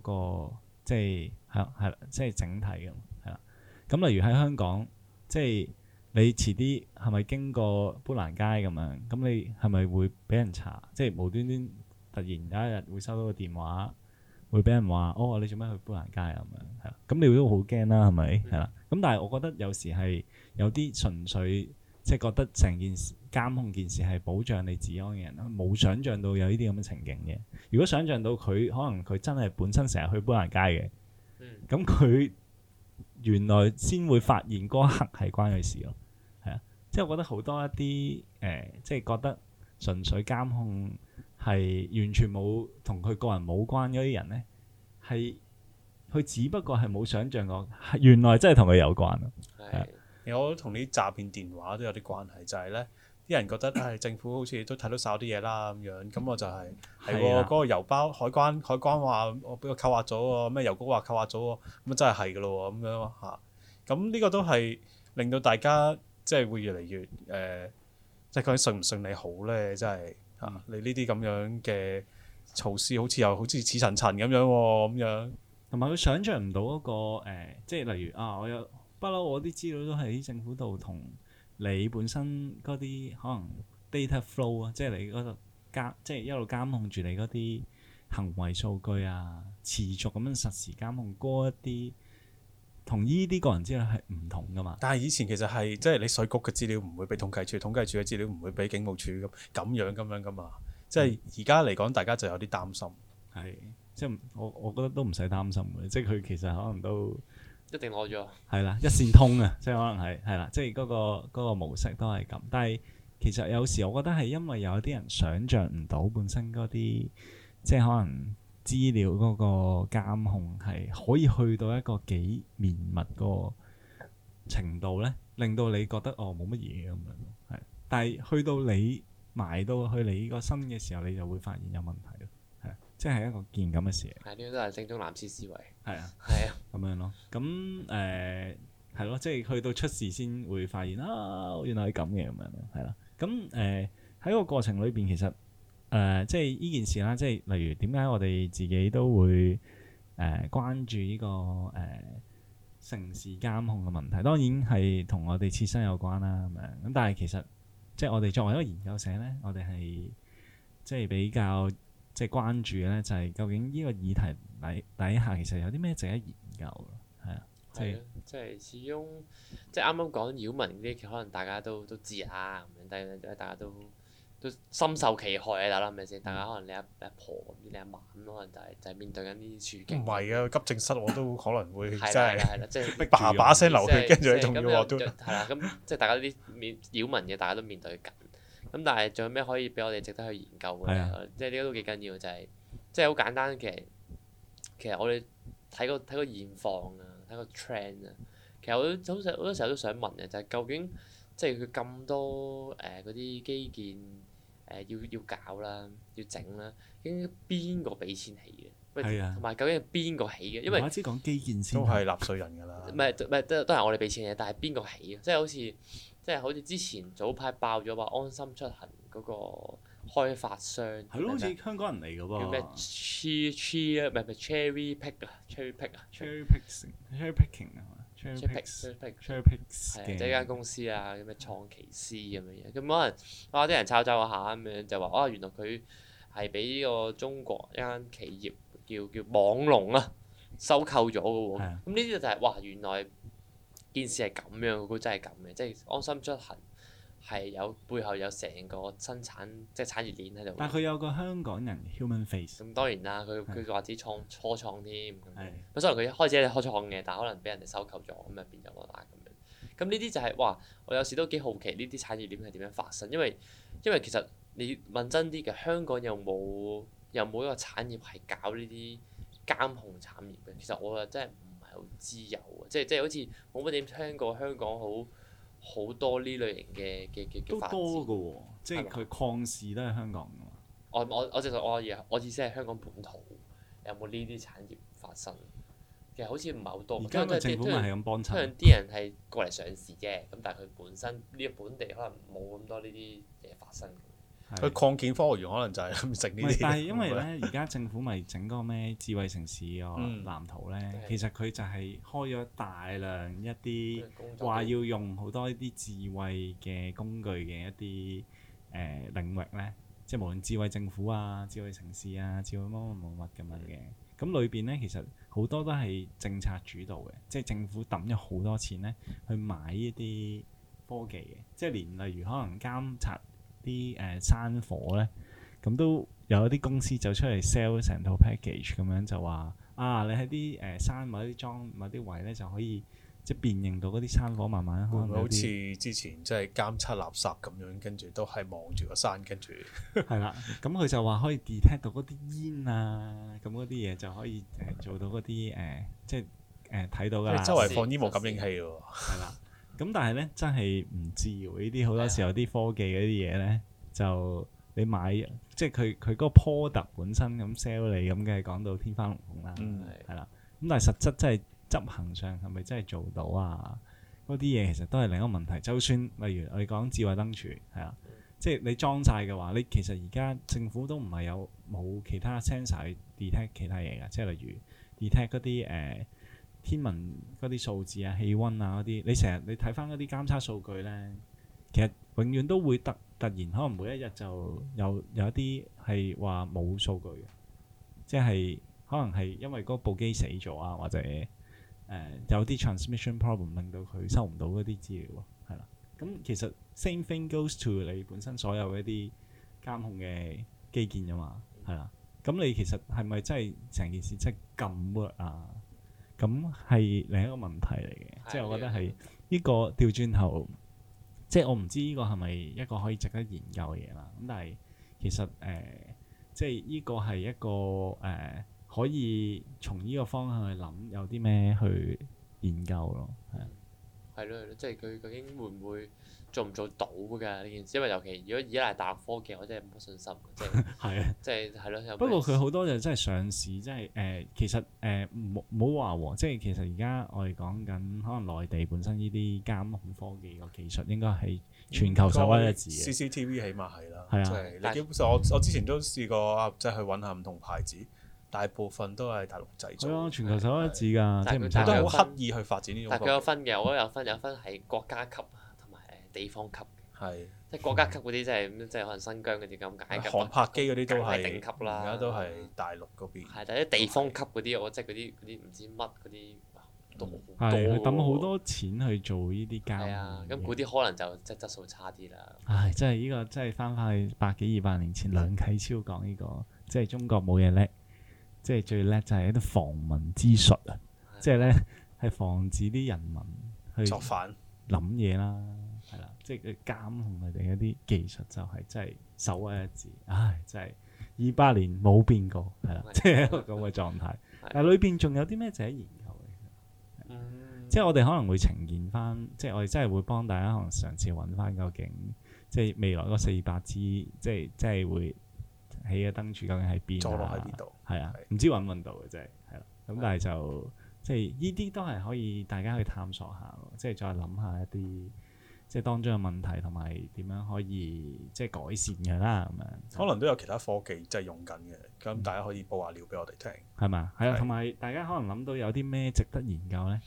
個，即係係係即係整體噶嘛，係啦。咁、嗯、例如喺香港，即係你遲啲係咪經過砵蘭街咁樣？咁你係咪會俾人查？即係無端端突然有一日會收到個電話，會俾人話：哦，你做咩去砵蘭街啊？咁樣係啦，咁你都會好驚啦，係咪？係啦、嗯。咁但係我覺得有時係有啲純粹。即係覺得成件事監控件事係保障你治安嘅人，冇想象到有呢啲咁嘅情景嘅。如果想象到，佢可能佢真係本身成日去搬人街嘅，咁佢、嗯、原來先會發現嗰刻係關佢事咯。係啊，即係我覺得好多一啲誒、呃，即係覺得純粹監控係完全冇同佢個人冇關嗰啲人咧，係佢只不過係冇想象過，原來真係同佢有關咯。係。我覺得同啲詐騙電話都有啲關係，就係咧啲人覺得誒、哎、政府好似都睇到曬啲嘢啦咁樣，咁我就係係喎，嗰個郵包海關海關話我俾我扣押咗喎，咩郵局話扣押咗喎，咁啊真係係㗎咯喎咁樣嚇，咁呢個都係令到大家即係會越嚟越誒，即係究竟信唔信你好咧，真係嚇、啊、你呢啲咁樣嘅措施好似又好似似層層咁樣喎咁樣，同埋佢想像唔到嗰、那個、呃、即係例如啊我有。不嬲，我啲資料都喺政府度，同你本身嗰啲可能 data flow 啊，即係你嗰度監，即係一路監控住你嗰啲行為數據啊，持續咁樣實時監控嗰一啲，同依啲個人資料係唔同噶嘛。但係以前其實係即係你稅局嘅資料唔會俾統計處，統計處嘅資料唔會俾警務處咁咁樣咁樣噶嘛。即係而家嚟講，大家就有啲擔心。係、嗯，即係我我覺得都唔使擔心嘅，即係佢其實可能都。一定攞住，係啦，一線通啊，即係可能係，係啦，即係嗰個嗰個模式都係咁。但係其實有時我覺得係因為有啲人想象唔到本身嗰啲，即係可能資料嗰個監控係可以去到一個幾綿密個程度咧，令到你覺得哦，冇乜嘢咁樣。係，但係去到你埋到去你個身嘅時候，你就會發現有問題咯。係，即係一個件咁嘅事。係，呢啲都係正宗藍絲思維。係啊，係啊， 咁樣咯，咁誒係咯，即係去到出事先會發現啦，啊，原來係咁嘅咁樣，係啦，咁誒喺個過程裏邊其實誒、呃、即係呢件事啦，即係例如點解我哋自己都會誒、呃、關注呢、呢個誒、呃、城市監控嘅問題，當然係同我哋切身有關啦咁樣，咁但係其實即係我哋作為一個研究社咧，我哋係即係比較。即係關注咧，就係究竟呢個議題底底下其實有啲咩值得研究咯？係啊係啊，即係即係始終即係啱啱講擾民嗰啲，可能大家都都知啊，大家都都深受其害啊！大佬係咪先？大家可能你阿阿婆，你阿嫲，可能就係、是、就係、是、面對緊呢啲處境。唔係啊，急症室我都可能會係啦啦， 即係爸爸聲流血，跟住最重要都係啦。咁 即係大家啲擾民嘅，大家都面對緊。咁但係仲有咩可以俾我哋值得去研究嘅咧？啊、即係呢個都幾緊要，就係即係好簡單。其實其實我哋睇個睇個現況啊，睇個 trend 啊。其實我都好多時候都想問嘅，就係、係、究竟即係佢咁多誒嗰啲基建誒、呃、要要搞啦、啊，要整啦、啊，究竟邊個俾錢起嘅？係啊，同埋究竟係邊個起嘅？因為我知講基建先為都係納稅人㗎啦。唔係唔係都都係我哋俾錢嘅，但係邊個起啊？即係好似。即係好似之前早排爆咗話安心出行嗰個開發商，係咯，好 似樂香港人嚟嘅噃。叫咩？Chee Chee 啊，唔係唔係 Cherry Pick 啊，Cherry Pick 啊，Cherry Picking，Cherry Pick，Cherry Pick，Cherry Pick King。係、 就係、一間公司啊，咁咩創奇思咁樣嘢，咁可能哇啲人炒炒、啊、下咁樣，就話啊，原來佢係俾呢個中國一間企業叫叫網龍啊收購咗嘅喎。咁呢啲就係、是、哇原來。件事係咁樣，個個真係咁嘅，即係安心出行係有背後有成個生產即係產業鏈喺度。但係佢有個香港人 human face。咁 當然啦，佢佢話之創初創添，咁，不過可能佢一開始係初創嘅，但係可能俾人哋收購咗，咁就變咗落啦咁樣。咁呢啲就係哇，我有時都幾好奇呢啲產業鏈係點樣發生，因為因為其實你問真啲嘅，香港有冇有冇一個產業係搞呢啲監控產業嘅？其實我啊真係～有自由啊，即係即係好似冇乜點聽過香港好好多呢類型嘅嘅嘅。都多嘅，哦、即係佢曠視都係香港㗎嘛。我我我其實我意我意思係香港本土有冇呢啲產業發生？其實好似唔係好多。而家個政府都係咁幫襯。啲人係過嚟上市啫，咁但係佢本身呢個本地可能冇咁多呢啲嘢發生。佢擴建科學園可能就係咁食呢啲。但係因為咧，而家 政府咪整個咩智慧城市個、啊嗯、藍圖咧，嗯、其實佢就係開咗大量一啲話要用好多一啲智慧嘅工具嘅一啲誒、呃嗯、領域咧，即係無論智慧政府啊、智慧城市啊、智慧乜乜物物咁樣嘅。咁裏邊咧其實好多都係政策主導嘅，即係政府抌咗好多錢咧去買呢啲科技嘅，即係連例如可能監察。啲誒山火咧，咁都有一啲公司就出嚟 sell 成套 package 咁樣就，就話啊，你喺啲誒山某啲裝某啲位咧就可以即係辨認到嗰啲山火慢慢開。會唔會好似之前即係監測垃圾咁樣，跟住都係望住個山，跟住係啦。咁佢就話可以 detect 到嗰啲煙啊，咁嗰啲嘢就可以誒做到嗰啲誒，即係誒睇到噶。周圍放啲煙霧感應器喎。係、就、啦、係。咁但係咧真係唔自由喎，呢啲好多時候啲科技嗰啲嘢咧，的就你買即係佢佢嗰個 product 本身咁 sell 你咁嘅，梗係講到天花龍鳳啦，係啦的。咁但係實質真係執行上係咪真係做到啊？嗰啲嘢其實都係另一個問題。就算例如我哋講智慧燈柱係啊，的即係你裝晒嘅話，你其實而家政府都唔係有冇其他 sensor 去 detect 其他嘢嘅，即係例如 detect 嗰啲誒。呃天文嗰啲數字啊、氣温啊嗰啲，你成日你睇翻嗰啲監測數據咧，其實永遠都會突突然可能每一日就有有一啲係話冇數據嘅，即係可能係因為嗰部機死咗啊，或者誒有啲 transmission problem 令到佢收唔到嗰啲資料啊，係啦。咁其實 same thing goes to 你本身所有一啲監控嘅基建噶嘛，係啦。咁你其實係咪真係成件事真係咁 work 啊？咁係另一個問題嚟嘅，的即係我覺得係呢個調轉頭，即係我唔知呢個係咪一個可以值得研究嘅嘢啦。咁但係其實誒、呃，即係呢個係一個誒、呃，可以從呢個方向去諗有啲咩去研究咯，係啊，係咯係咯，即係佢究竟會唔會？做唔做到㗎呢件事？因為尤其如果依賴大陸科技，我真係冇乜信心。即係係啊， 即係係咯。 吧不過佢好多就真係上市，即係誒，其實誒冇冇話喎。即係其實而家我哋講緊可能內地本身呢啲監控科技個技術應該係全球首屈一指嘅。嗯、CCTV 起碼係啦。係啊，基本上我我之前都試過即係、就係、去揾下唔同牌子，大部分都係大陸製、啊、全球首屈一指㗎，但即係佢都好刻意去發展呢種。但佢有分嘅，我覺得有分，有分係國家級。地方級嘅，即係國家級嗰啲，即係即係可能新疆嗰啲咁解。嘅，航拍機嗰啲都係頂級啦，而家都係大陸嗰邊。但係啲地方級嗰啲，我即係嗰啲啲唔知乜嗰啲都好多。佢抌好多錢去做呢啲間。係啊，咁嗰啲可能就即係質素差啲啦。唉，即係呢個，即係翻返去百幾二百年前，梁啟超講呢個，即係中國冇嘢叻，即係最叻就係一啲防民之術啊！即係咧，係防止啲人民去作反、諗嘢啦。即係監控佢哋一啲技術，就係真係首屈一指。唉，真係二百年冇變過，係啦，即係一個咁嘅狀態。但裏邊仲有啲咩就喺研究嘅，嗯、即係我哋可能會呈現翻，即係我哋真係會幫大家可能嘗試揾翻究竟，即係未來嗰四百支，即係即係會起嘅燈柱究竟喺邊，坐落喺邊度？係啊，唔知揾唔揾到嘅真係，係啦。咁但係就即係呢啲都係可以大家去探索下，即係再諗下一啲。即係當中嘅問題同埋點樣可以即係改善嘅啦，咁樣可能都有其他科技即係用緊嘅，咁、嗯、大家可以報下料俾我哋聽，係嘛吧？係啊吧，同埋大家可能諗到有啲咩值得研究呢，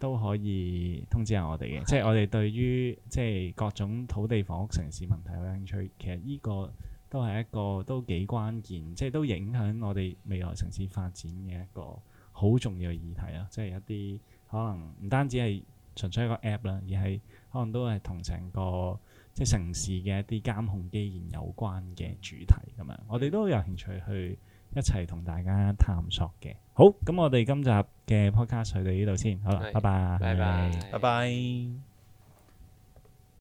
都可以通知下我哋嘅吧。即係我哋對於即係各種土地、房屋、城市問題有興趣，其實呢個都係一個都幾關鍵，即係都影響我哋未來城市發展嘅一個好重要嘅議題啊！即係一啲可能唔單止係純粹一個 app 啦，而係～可能都係同成個即係城市嘅一啲監控機器有關嘅主題咁樣，我哋都有興趣去一齊同大家探索嘅。好，咁我哋今集嘅 podcast 就到呢度先，好啦，是拜拜，拜拜，拜拜。